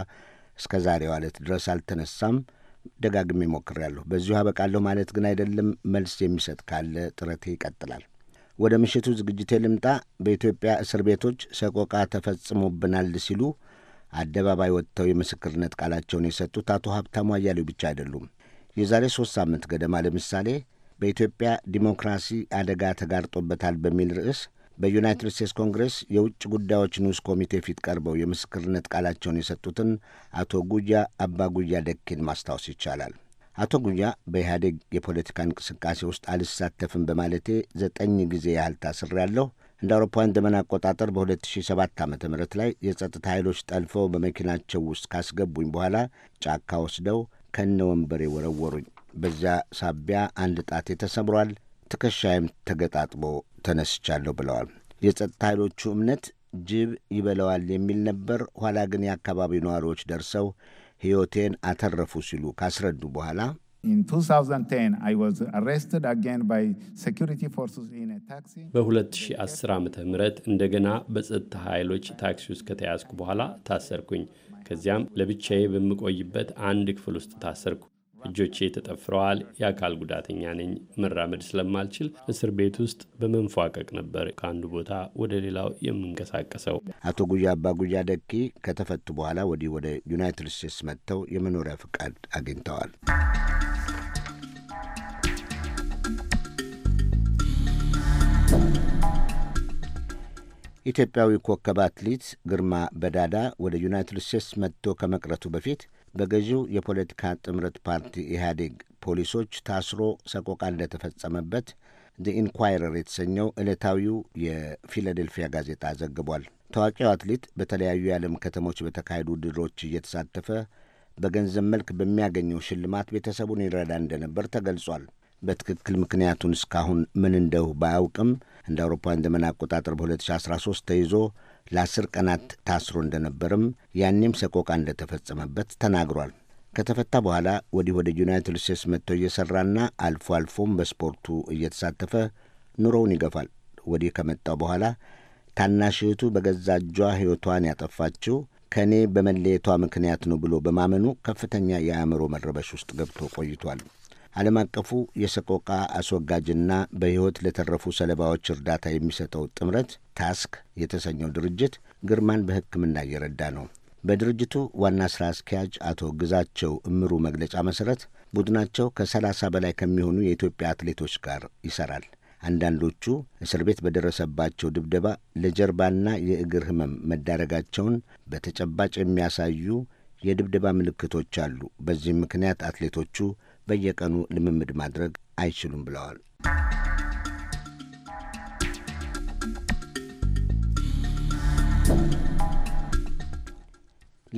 እስከ ዛሬው ዕለት ድረስ አልተነሳም። ደጋግሜ ሞክሬያለሁ። በዚሁ አበቃለሁ ማለት ግን አይደለም። መልስ የሚሰጥ ካለ ጥረቴ ይቀጥላል። ወደ ምሽቱ ዝግጅቴ ልምጣ። በኢትዮጵያ እስር ቤቶች ሰቆቃ ተፈጽሞብናል ሲሉ አደባባይ ወጥተው የምስክርነት ቃላቸውን የሰጡት አቶ ሀብታሙ አያሌው ብቻ አይደሉም። የዛሬ ሦስት ሳምንት ገደማ ለምሳሌ በኢትዮጵያ ዲሞክራሲ አደጋ ተጋርጦበታል በሚል ርዕስ በዩናይትድ ስቴትስ ኮንግሬስ የውጭ ጉዳዮች ንዑስ ኮሚቴ ፊት ቀርበው የምስክርነት ቃላቸውን የሰጡትን አቶ ጉያ አባ ጉያ ደኬን ማስታወስ ይቻላል። አቶ ጉያ በኢህአዴግ የፖለቲካ እንቅስቃሴ ውስጥ አልሳተፍም በማለቴ ዘጠኝ ጊዜ ያህል ታስሬያለሁ እንደ አውሮፓውያን ዘመን አቆጣጠር በ2007 ዓ ም ላይ የጸጥታ ኃይሎች ጠልፈው በመኪናቸው ውስጥ ካስገቡኝ በኋላ ጫካ ወስደው ከነ ወንበሬ ወረወሩኝ። በዚያ ሳቢያ አንድ ጣቴ ተሰብሯል፣ ትከሻይም ተገጣጥሞ ተነስቻለሁ ብለዋል። የጸጥታ ኃይሎቹ እምነት ጅብ ይበላዋል የሚል ነበር። ኋላ ግን የአካባቢው ነዋሪዎች ደርሰው ሕይወቴን አተረፉ ሲሉ ካስረዱ በኋላ In 2010 I was arrested again by security forces in a taxi. በ2010 ዓ.ም እንደገና በጸጥታ ኃይሎች ታክሲ ውስጥ ከተያዝኩ በኋላ ታሰርኩኝ። ከዚያም ለብቻዬ በምቆይበት አንድ ክፍል ውስጥ ታሰርኩ። እጆቼ ተጠፍረዋል፣ የአካል ጉዳተኛ ነኝ፣ መራመድ ስለማልችል እስር ቤት ውስጥ በመንፏቀቅ ነበር ከአንዱ ቦታ ወደ ሌላው የምንቀሳቀሰው። አቶ ጉያ አባ ጉያ ደኪ ከተፈቱ በኋላ ወዲህ ወደ ዩናይትድ ስቴትስ መጥተው የመኖሪያ ፍቃድ አግኝተዋል። ኢትዮጵያዊ ኮከብ አትሌት ግርማ በዳዳ ወደ ዩናይትድ ስቴትስ መጥቶ ከመቅረቱ በፊት በገዢው የፖለቲካ ጥምረት ፓርቲ ኢህአዴግ ፖሊሶች ታስሮ ሰቆቃ እንደተፈጸመበት ኢንኳይረር የተሰኘው ዕለታዊው የፊላዴልፊያ ጋዜጣ ዘግቧል። ታዋቂው አትሌት በተለያዩ የዓለም ከተሞች በተካሄዱ ውድድሮች እየተሳተፈ በገንዘብ መልክ በሚያገኘው ሽልማት ቤተሰቡን ይረዳ እንደነበር ተገልጿል። በትክክል ምክንያቱን እስካሁን ምን እንደው ባያውቅም እንደ አውሮፓውያን ዘመን አቆጣጠር በ2013 ተይዞ ለአስር ቀናት ታስሮ እንደነበርም ያኔም ሰቆቃ እንደተፈጸመበት ተናግሯል። ከተፈታ በኋላ ወዲህ ወደ ዩናይትድ ስቴትስ መጥቶ እየሠራና አልፎ አልፎም በስፖርቱ እየተሳተፈ ኑሮውን ይገፋል። ወዲህ ከመጣው በኋላ ታናሽ እህቱ በገዛ እጇ ሕይወቷን ያጠፋችው ከእኔ በመለየቷ ምክንያት ነው ብሎ በማመኑ ከፍተኛ የአእምሮ መረበሽ ውስጥ ገብቶ ቆይቷል። ዓለም አቀፉ የሰቆቃ አስወጋጅና በሕይወት ለተረፉ ሰለባዎች እርዳታ የሚሰጠው ጥምረት ታስክ የተሰኘው ድርጅት ግርማን በሕክምና እየረዳ ነው። በድርጅቱ ዋና ሥራ አስኪያጅ አቶ ግዛቸው እምሩ መግለጫ መሠረት ቡድናቸው ከሰላሳ በላይ ከሚሆኑ የኢትዮጵያ አትሌቶች ጋር ይሠራል። አንዳንዶቹ እስር ቤት በደረሰባቸው ድብደባ ለጀርባና የእግር ህመም መዳረጋቸውን በተጨባጭ የሚያሳዩ የድብደባ ምልክቶች አሉ። በዚህም ምክንያት አትሌቶቹ በየቀኑ ልምምድ ማድረግ አይችሉም ብለዋል።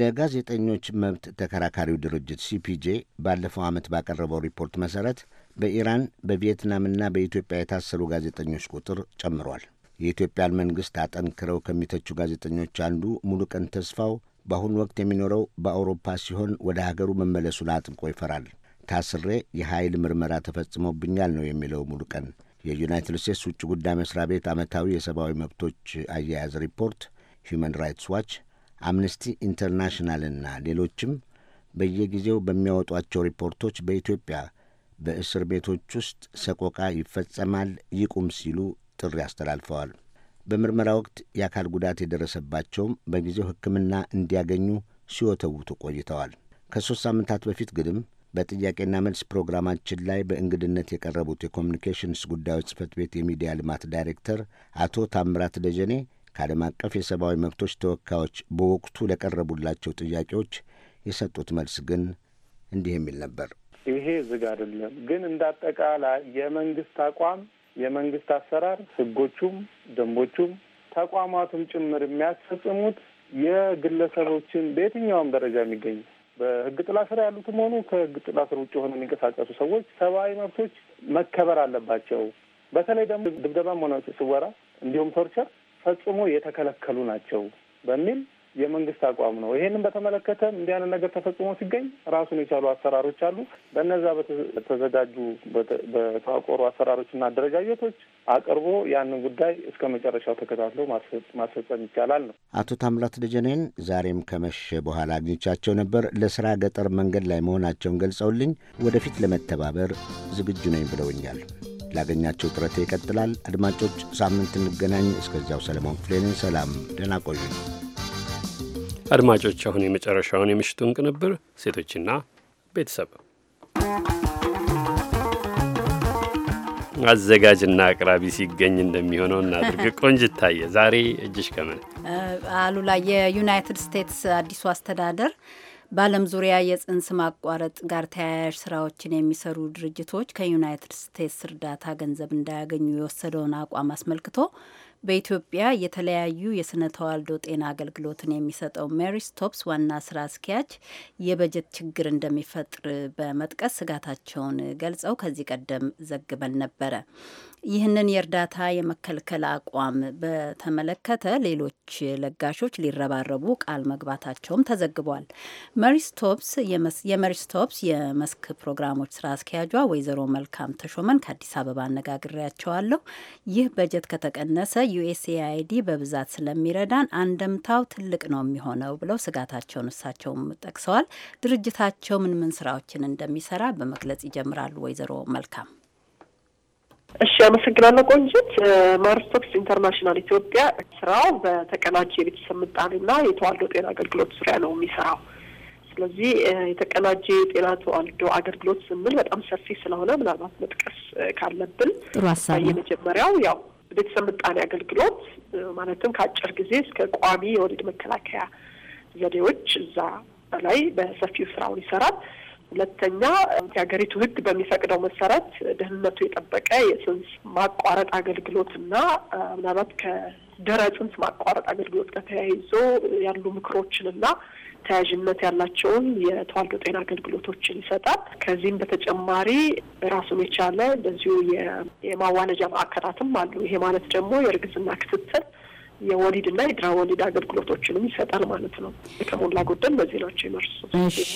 ለጋዜጠኞች መብት ተከራካሪው ድርጅት ሲፒጄ ባለፈው ዓመት ባቀረበው ሪፖርት መሠረት በኢራን በቪየትናምና በኢትዮጵያ የታሰሩ ጋዜጠኞች ቁጥር ጨምሯል። የኢትዮጵያን መንግሥት አጠንክረው ከሚተቹ ጋዜጠኞች አንዱ ሙሉቀን ተስፋው በአሁኑ ወቅት የሚኖረው በአውሮፓ ሲሆን ወደ ሀገሩ መመለሱን አጥብቆ ይፈራል። ታስሬ የኃይል ምርመራ ተፈጽሞብኛል ነው የሚለው ሙሉቀን። የዩናይትድ ስቴትስ ውጭ ጉዳይ መስሪያ ቤት ዓመታዊ የሰብአዊ መብቶች አያያዝ ሪፖርት፣ ሁማን ራይትስ ዋች፣ አምነስቲ ኢንተርናሽናልና ሌሎችም በየጊዜው በሚያወጧቸው ሪፖርቶች በኢትዮጵያ በእስር ቤቶች ውስጥ ሰቆቃ ይፈጸማል ይቁም ሲሉ ጥሪ አስተላልፈዋል። በምርመራ ወቅት የአካል ጉዳት የደረሰባቸውም በጊዜው ሕክምና እንዲያገኙ ሲወተውቱ ቆይተዋል። ከሦስት ሳምንታት በፊት ግድም በጥያቄና መልስ ፕሮግራማችን ላይ በእንግድነት የቀረቡት የኮሚኒኬሽንስ ጉዳዮች ጽህፈት ቤት የሚዲያ ልማት ዳይሬክተር አቶ ታምራት ደጀኔ ከዓለም አቀፍ የሰብአዊ መብቶች ተወካዮች በወቅቱ ለቀረቡላቸው ጥያቄዎች የሰጡት መልስ ግን እንዲህ የሚል ነበር። ይሄ ዝግ አይደለም፣ ግን እንደ አጠቃላይ የመንግስት አቋም የመንግስት አሰራር ህጎቹም፣ ደንቦቹም ተቋማቱም ጭምር የሚያስፈጽሙት የግለሰቦችን በየትኛውም ደረጃ የሚገኙ በህግ ጥላ ስር ያሉትም ሆኑ ከህግ ጥላ ስር ውጭ የሆነ የሚንቀሳቀሱ ሰዎች ሰብአዊ መብቶች መከበር አለባቸው። በተለይ ደግሞ ድብደባም ሆነ ስወራ እንዲሁም ቶርቸር ፈጽሞ የተከለከሉ ናቸው በሚል የመንግስት አቋም ነው። ይሄንን በተመለከተ እንዲህ አይነት ነገር ተፈጽሞ ሲገኝ ራሱን የቻሉ አሰራሮች አሉ። በነዛ በተዘጋጁ በተዋቆሩ አሰራሮችና አደረጃጀቶች አቅርቦ ያንን ጉዳይ እስከ መጨረሻው ተከታትሎ ማስፈጸም ይቻላል ነው። አቶ ታምራት ደጀኔን ዛሬም ከመሸ በኋላ አግኝቻቸው ነበር። ለስራ ገጠር መንገድ ላይ መሆናቸውን ገልጸውልኝ ወደፊት ለመተባበር ዝግጁ ነኝ ብለውኛል። ላገኛቸው ጥረት ይቀጥላል። አድማጮች፣ ሳምንት እንገናኝ። እስከዚያው ሰለሞን ክፍሌንን ሰላም፣ ደህና ቆዩ። አድማጮች፣ አሁን የመጨረሻውን የምሽቱን ቅንብር ሴቶችና ቤተሰብ አዘጋጅና አቅራቢ ሲገኝ እንደሚሆነው እናድርግ። <laughs> ቆንጅታየ ዛሬ እጅሽ ከምን ላይ የዩናይትድ ስቴትስ አዲሱ አስተዳደር በዓለም ዙሪያ የጽንስ ማቋረጥ ጋር ተያያዥ ስራዎችን የሚሰሩ ድርጅቶች ከዩናይትድ ስቴትስ እርዳታ ገንዘብ እንዳያገኙ የወሰደውን አቋም አስመልክቶ በኢትዮጵያ የተለያዩ የስነ ተዋልዶ ጤና አገልግሎትን የሚሰጠው ሜሪ ስቶፕስ ዋና ስራ አስኪያጅ የበጀት ችግር እንደሚፈጥር በመጥቀስ ስጋታቸውን ገልጸው ከዚህ ቀደም ዘግበን ነበረ። ይህንን የእርዳታ የመከልከል አቋም በተመለከተ ሌሎች ለጋሾች ሊረባረቡ ቃል መግባታቸውም ተዘግቧል። የመሪስ ቶፕስ የመስክ ፕሮግራሞች ስራ አስኪያጇ ወይዘሮ መልካም ተሾመን ከአዲስ አበባ አነጋግሬያቸዋለሁ። ይህ በጀት ከተቀነሰ ዩኤስኤአይዲ በብዛት ስለሚረዳን አንደምታው ትልቅ ነው የሚሆነው ብለው ስጋታቸውን እሳቸውም ጠቅሰዋል። ድርጅታቸው ምን ምን ስራዎችን እንደሚሰራ በመግለጽ ይጀምራሉ ወይዘሮ መልካም እሺ አመሰግናለሁ ቆንጅት። ማርስቶክስ ኢንተርናሽናል ኢትዮጵያ ስራው በተቀናጀ የቤተሰብ ምጣኔና የተዋልዶ ጤና አገልግሎት ዙሪያ ነው የሚሰራው። ስለዚህ የተቀናጀ የጤና ተዋልዶ አገልግሎት ስንል በጣም ሰፊ ስለሆነ ምናልባት መጥቀስ ካለብን ጥሩ ሀሳብ የመጀመሪያው ያው ቤተሰብ ምጣኔ አገልግሎት ማለትም ከአጭር ጊዜ እስከ ቋሚ የወሊድ መከላከያ ዘዴዎች እዛ ላይ በሰፊው ስራውን ይሰራል። ሁለተኛ የሀገሪቱ ሕግ በሚፈቅደው መሰረት ደህንነቱ የጠበቀ የፅንስ ማቋረጥ አገልግሎት እና ምናልባት ከድህረ ፅንስ ማቋረጥ አገልግሎት ጋር ተያይዞ ያሉ ምክሮችን እና ተያያዥነት ያላቸውን የተዋልዶ ጤና አገልግሎቶችን ይሰጣል። ከዚህም በተጨማሪ ራሱን የቻለ እንደዚሁ የማዋለጃ ማዕከላትም አሉ። ይሄ ማለት ደግሞ የእርግዝና ክትትል የወሊድ እና የድራ ወሊድ አገልግሎቶችንም ይሰጣል ማለት ነው። የተሞላ ጎደል በዚህ ናቸው የመርሱ። እሺ፣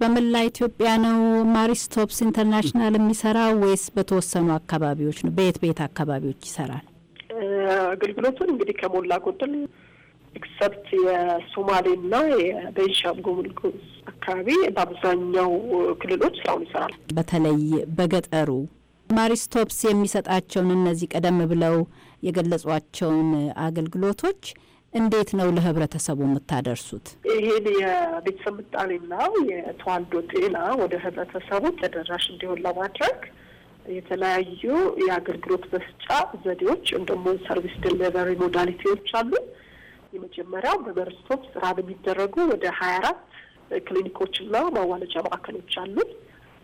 በመላ ኢትዮጵያ ነው ማሪስቶፕስ ኢንተርናሽናል የሚሰራው ወይስ በተወሰኑ አካባቢዎች ነው? በየት በየት አካባቢዎች ይሰራል? አገልግሎቱን እንግዲህ ከሞላ ጎደል ኤክሰፕት የሶማሌና የቤንሻንጉል ጉሙዝ አካባቢ በአብዛኛው ክልሎች ስራውን ይሰራል። በተለይ በገጠሩ ማሪስቶፕስ የሚሰጣቸውን እነዚህ ቀደም ብለው የገለጿቸውን አገልግሎቶች እንዴት ነው ለህብረተሰቡ የምታደርሱት? ይህን የቤተሰብ ምጣኔና የተዋልዶ ጤና ወደ ህብረተሰቡ ተደራሽ እንዲሆን ለማድረግ የተለያዩ የአገልግሎት መስጫ ዘዴዎች እንደሞ ሰርቪስ ዴሊቨሪ ሞዳሊቲዎች አሉ። የመጀመሪያው በመርስቶፕ ስራ በሚደረጉ ወደ ሀያ አራት ክሊኒኮችና ማዋለጃ ማዕከሎች አሉ።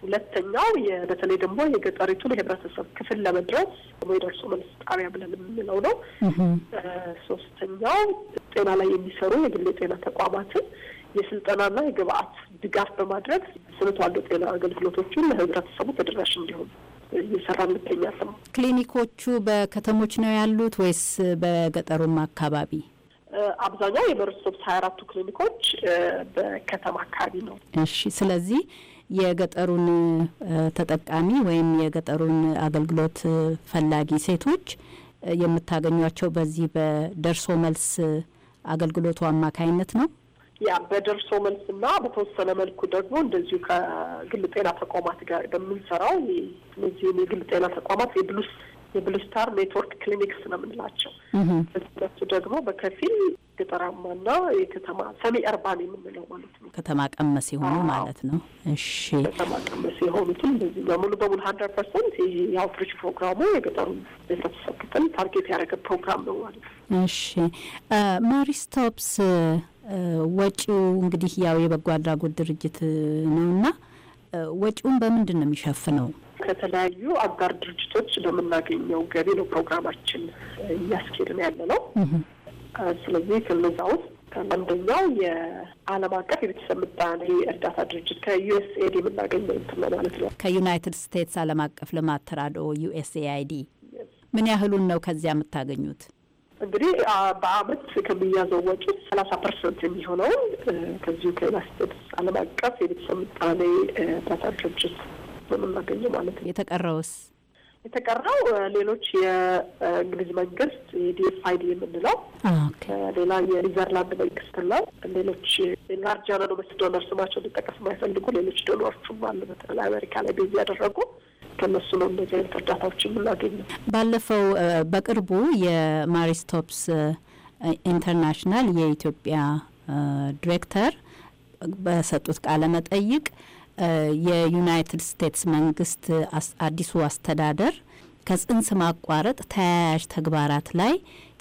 ሁለተኛው በተለይ ደግሞ የገጠሪቱን የህብረተሰብ ክፍል ለመድረስ የደርሶ መልስ ጣቢያ ብለን የምንለው ነው። ሶስተኛው ጤና ላይ የሚሰሩ የግል ጤና ተቋማትን የስልጠናና የግብአት ድጋፍ በማድረግ ስነተዋልዶ ጤና አገልግሎቶችን ለህብረተሰቡ ተደራሽ እንዲሆን እየሰራ እንገኛለን። ክሊኒኮቹ በከተሞች ነው ያሉት ወይስ በገጠሩም አካባቢ? አብዛኛው የመርሶብስ ሀያ አራቱ ክሊኒኮች በከተማ አካባቢ ነው። እሺ። ስለዚህ የገጠሩን ተጠቃሚ ወይም የገጠሩን አገልግሎት ፈላጊ ሴቶች የምታገኟቸው በዚህ በደርሶ መልስ አገልግሎቱ አማካይነት ነው። ያ በደርሶ መልስ መልስና በተወሰነ መልኩ ደግሞ እንደዚሁ ከግል ጤና ተቋማት ጋር በምንሰራው እነዚህም የግል ጤና ተቋማት የብሉስ የብልስታር ኔትወርክ ክሊኒክስ ነው የምንላቸው። እነሱ ደግሞ በከፊል ገጠራማና የከተማ ሰሚ እርባን የምንለው ማለት ነው። ከተማ ቀመስ የሆኑ ማለት ነው። እሺ ከተማ ቀመስ የሆኑትም በሙሉ በሙሉ ሀንድረድ ፐርሰንት ይሄ የአውትሪች ፕሮግራሙ የገጠሩ ቤተሰብ ክፍል ታርጌት ያደረገ ፕሮግራም ነው ማለት ነው። እሺ ማሪስቶፕስ ወጪው እንግዲህ ያው የበጎ አድራጎት ድርጅት ነውና ወጪውን በምንድን ነው የሚሸፍነው? ከተለያዩ አጋር ድርጅቶች በምናገኘው ገቢ ነው ፕሮግራማችን እያስኬድን ያለ ነው። ስለዚህ ከነዛ ውስጥ አንደኛው የዓለም አቀፍ የቤተሰብ ምጣኔ እርዳታ ድርጅት ከዩኤስኤዲ የምናገኘው እንትን ነው ማለት ነው። ከዩናይትድ ስቴትስ ዓለም አቀፍ ልማት ተራድኦ ዩኤስኤአይዲ ምን ያህሉን ነው ከዚያ የምታገኙት? እንግዲህ በአመት ከሚያዘው ወጪ ሰላሳ ፐርሰንት የሚሆነውን ከዚሁ ከዩናይትድ ስቴትስ ዓለም አቀፍ የቤተሰብ ምጣኔ እርዳታ ድርጅት ነው የምናገኘው ማለት ነው። የተቀረውስ የተቀረው ሌሎች የእንግሊዝ መንግስት የዲኤፍአይዲ የምንለው ሌላ የኒዘርላንድ መንግስት ነው። ሌሎች ላርጅ ያለ ዶሜስቲክ ዶነር ስማቸው ሊጠቀስ የማይፈልጉ ሌሎች ዶነሮቹም አሉ። በተለይ አሜሪካ ላይ ቤዝ ያደረጉ ከነሱ ነው እንደዚህ አይነት እርዳታዎች የምናገኘው። ባለፈው በቅርቡ የማሪስቶፕስ ኢንተርናሽናል የኢትዮጵያ ዲሬክተር በሰጡት ቃለ መጠይቅ የዩናይትድ ስቴትስ መንግስት አዲሱ አስተዳደር ከጽንስ ማቋረጥ ተያያዥ ተግባራት ላይ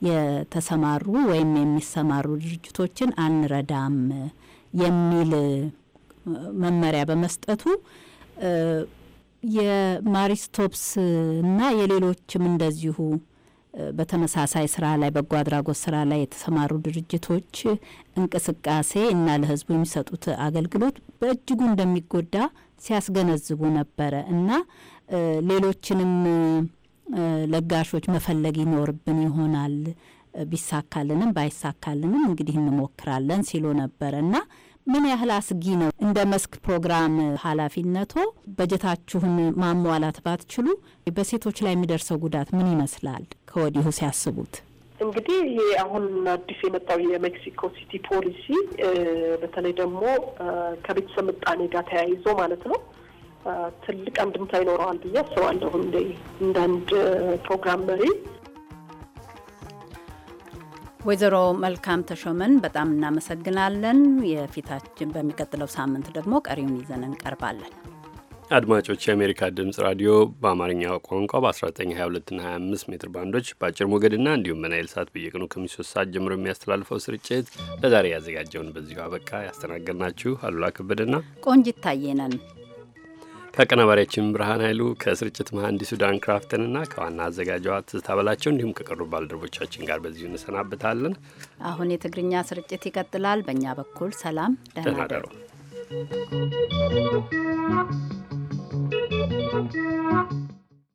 የተሰማሩ ወይም የሚሰማሩ ድርጅቶችን አንረዳም የሚል መመሪያ በመስጠቱ የማሪስቶፕስ እና የሌሎችም እንደዚሁ በተመሳሳይ ስራ ላይ በጎ አድራጎት ስራ ላይ የተሰማሩ ድርጅቶች እንቅስቃሴ እና ለህዝቡ የሚሰጡት አገልግሎት በእጅጉ እንደሚጎዳ ሲያስገነዝቡ ነበረ እና ሌሎችንም ለጋሾች መፈለግ ይኖርብን ይሆናል ቢሳካልንም ባይሳካልንም እንግዲህ እንሞክራለን ሲሉ ነበረ እና ምን ያህል አስጊ ነው? እንደ መስክ ፕሮግራም ኃላፊነቶ በጀታችሁን ማሟላት ባትችሉ በሴቶች ላይ የሚደርሰው ጉዳት ምን ይመስላል? ከወዲሁ ሲያስቡት እንግዲህ ይሄ አሁን አዲስ የመጣው የሜክሲኮ ሲቲ ፖሊሲ በተለይ ደግሞ ከቤተሰብ ምጣኔ ጋር ተያይዞ ማለት ነው ትልቅ አንድምታ ይኖረዋል ብዬ አስባለሁ። እንደ አንድ ፕሮግራም መሪ ወይዘሮ መልካም ተሾመን በጣም እናመሰግናለን። የፊታችን በሚቀጥለው ሳምንት ደግሞ ቀሪውን ይዘን እንቀርባለን። አድማጮች የአሜሪካ ድምጽ ራዲዮ በአማርኛ ቋንቋ በ1922 እና 25 ሜትር ባንዶች በአጭር ሞገድና እንዲሁም በናይል ሰዓት በየቀኑ ከምሽቱ ሶስት ሰዓት ጀምሮ የሚያስተላልፈው ስርጭት ለዛሬ ያዘጋጀውን በዚሁ አበቃ። ያስተናገድናችሁ አሉላ ከበደና ቆንጅት ታየነን ከአቀናባሪያችን ብርሃን ኃይሉ ከስርጭት መሐንዲሱ ዳን ክራፍተንና ከዋና አዘጋጇ ትዝታ በላቸው እንዲሁም ከቀሩ ባልደረቦቻችን ጋር በዚሁ እንሰናብታለን። አሁን የትግርኛ ስርጭት ይቀጥላል። በእኛ በኩል ሰላም፣ ደህና ደሩ። Thank you.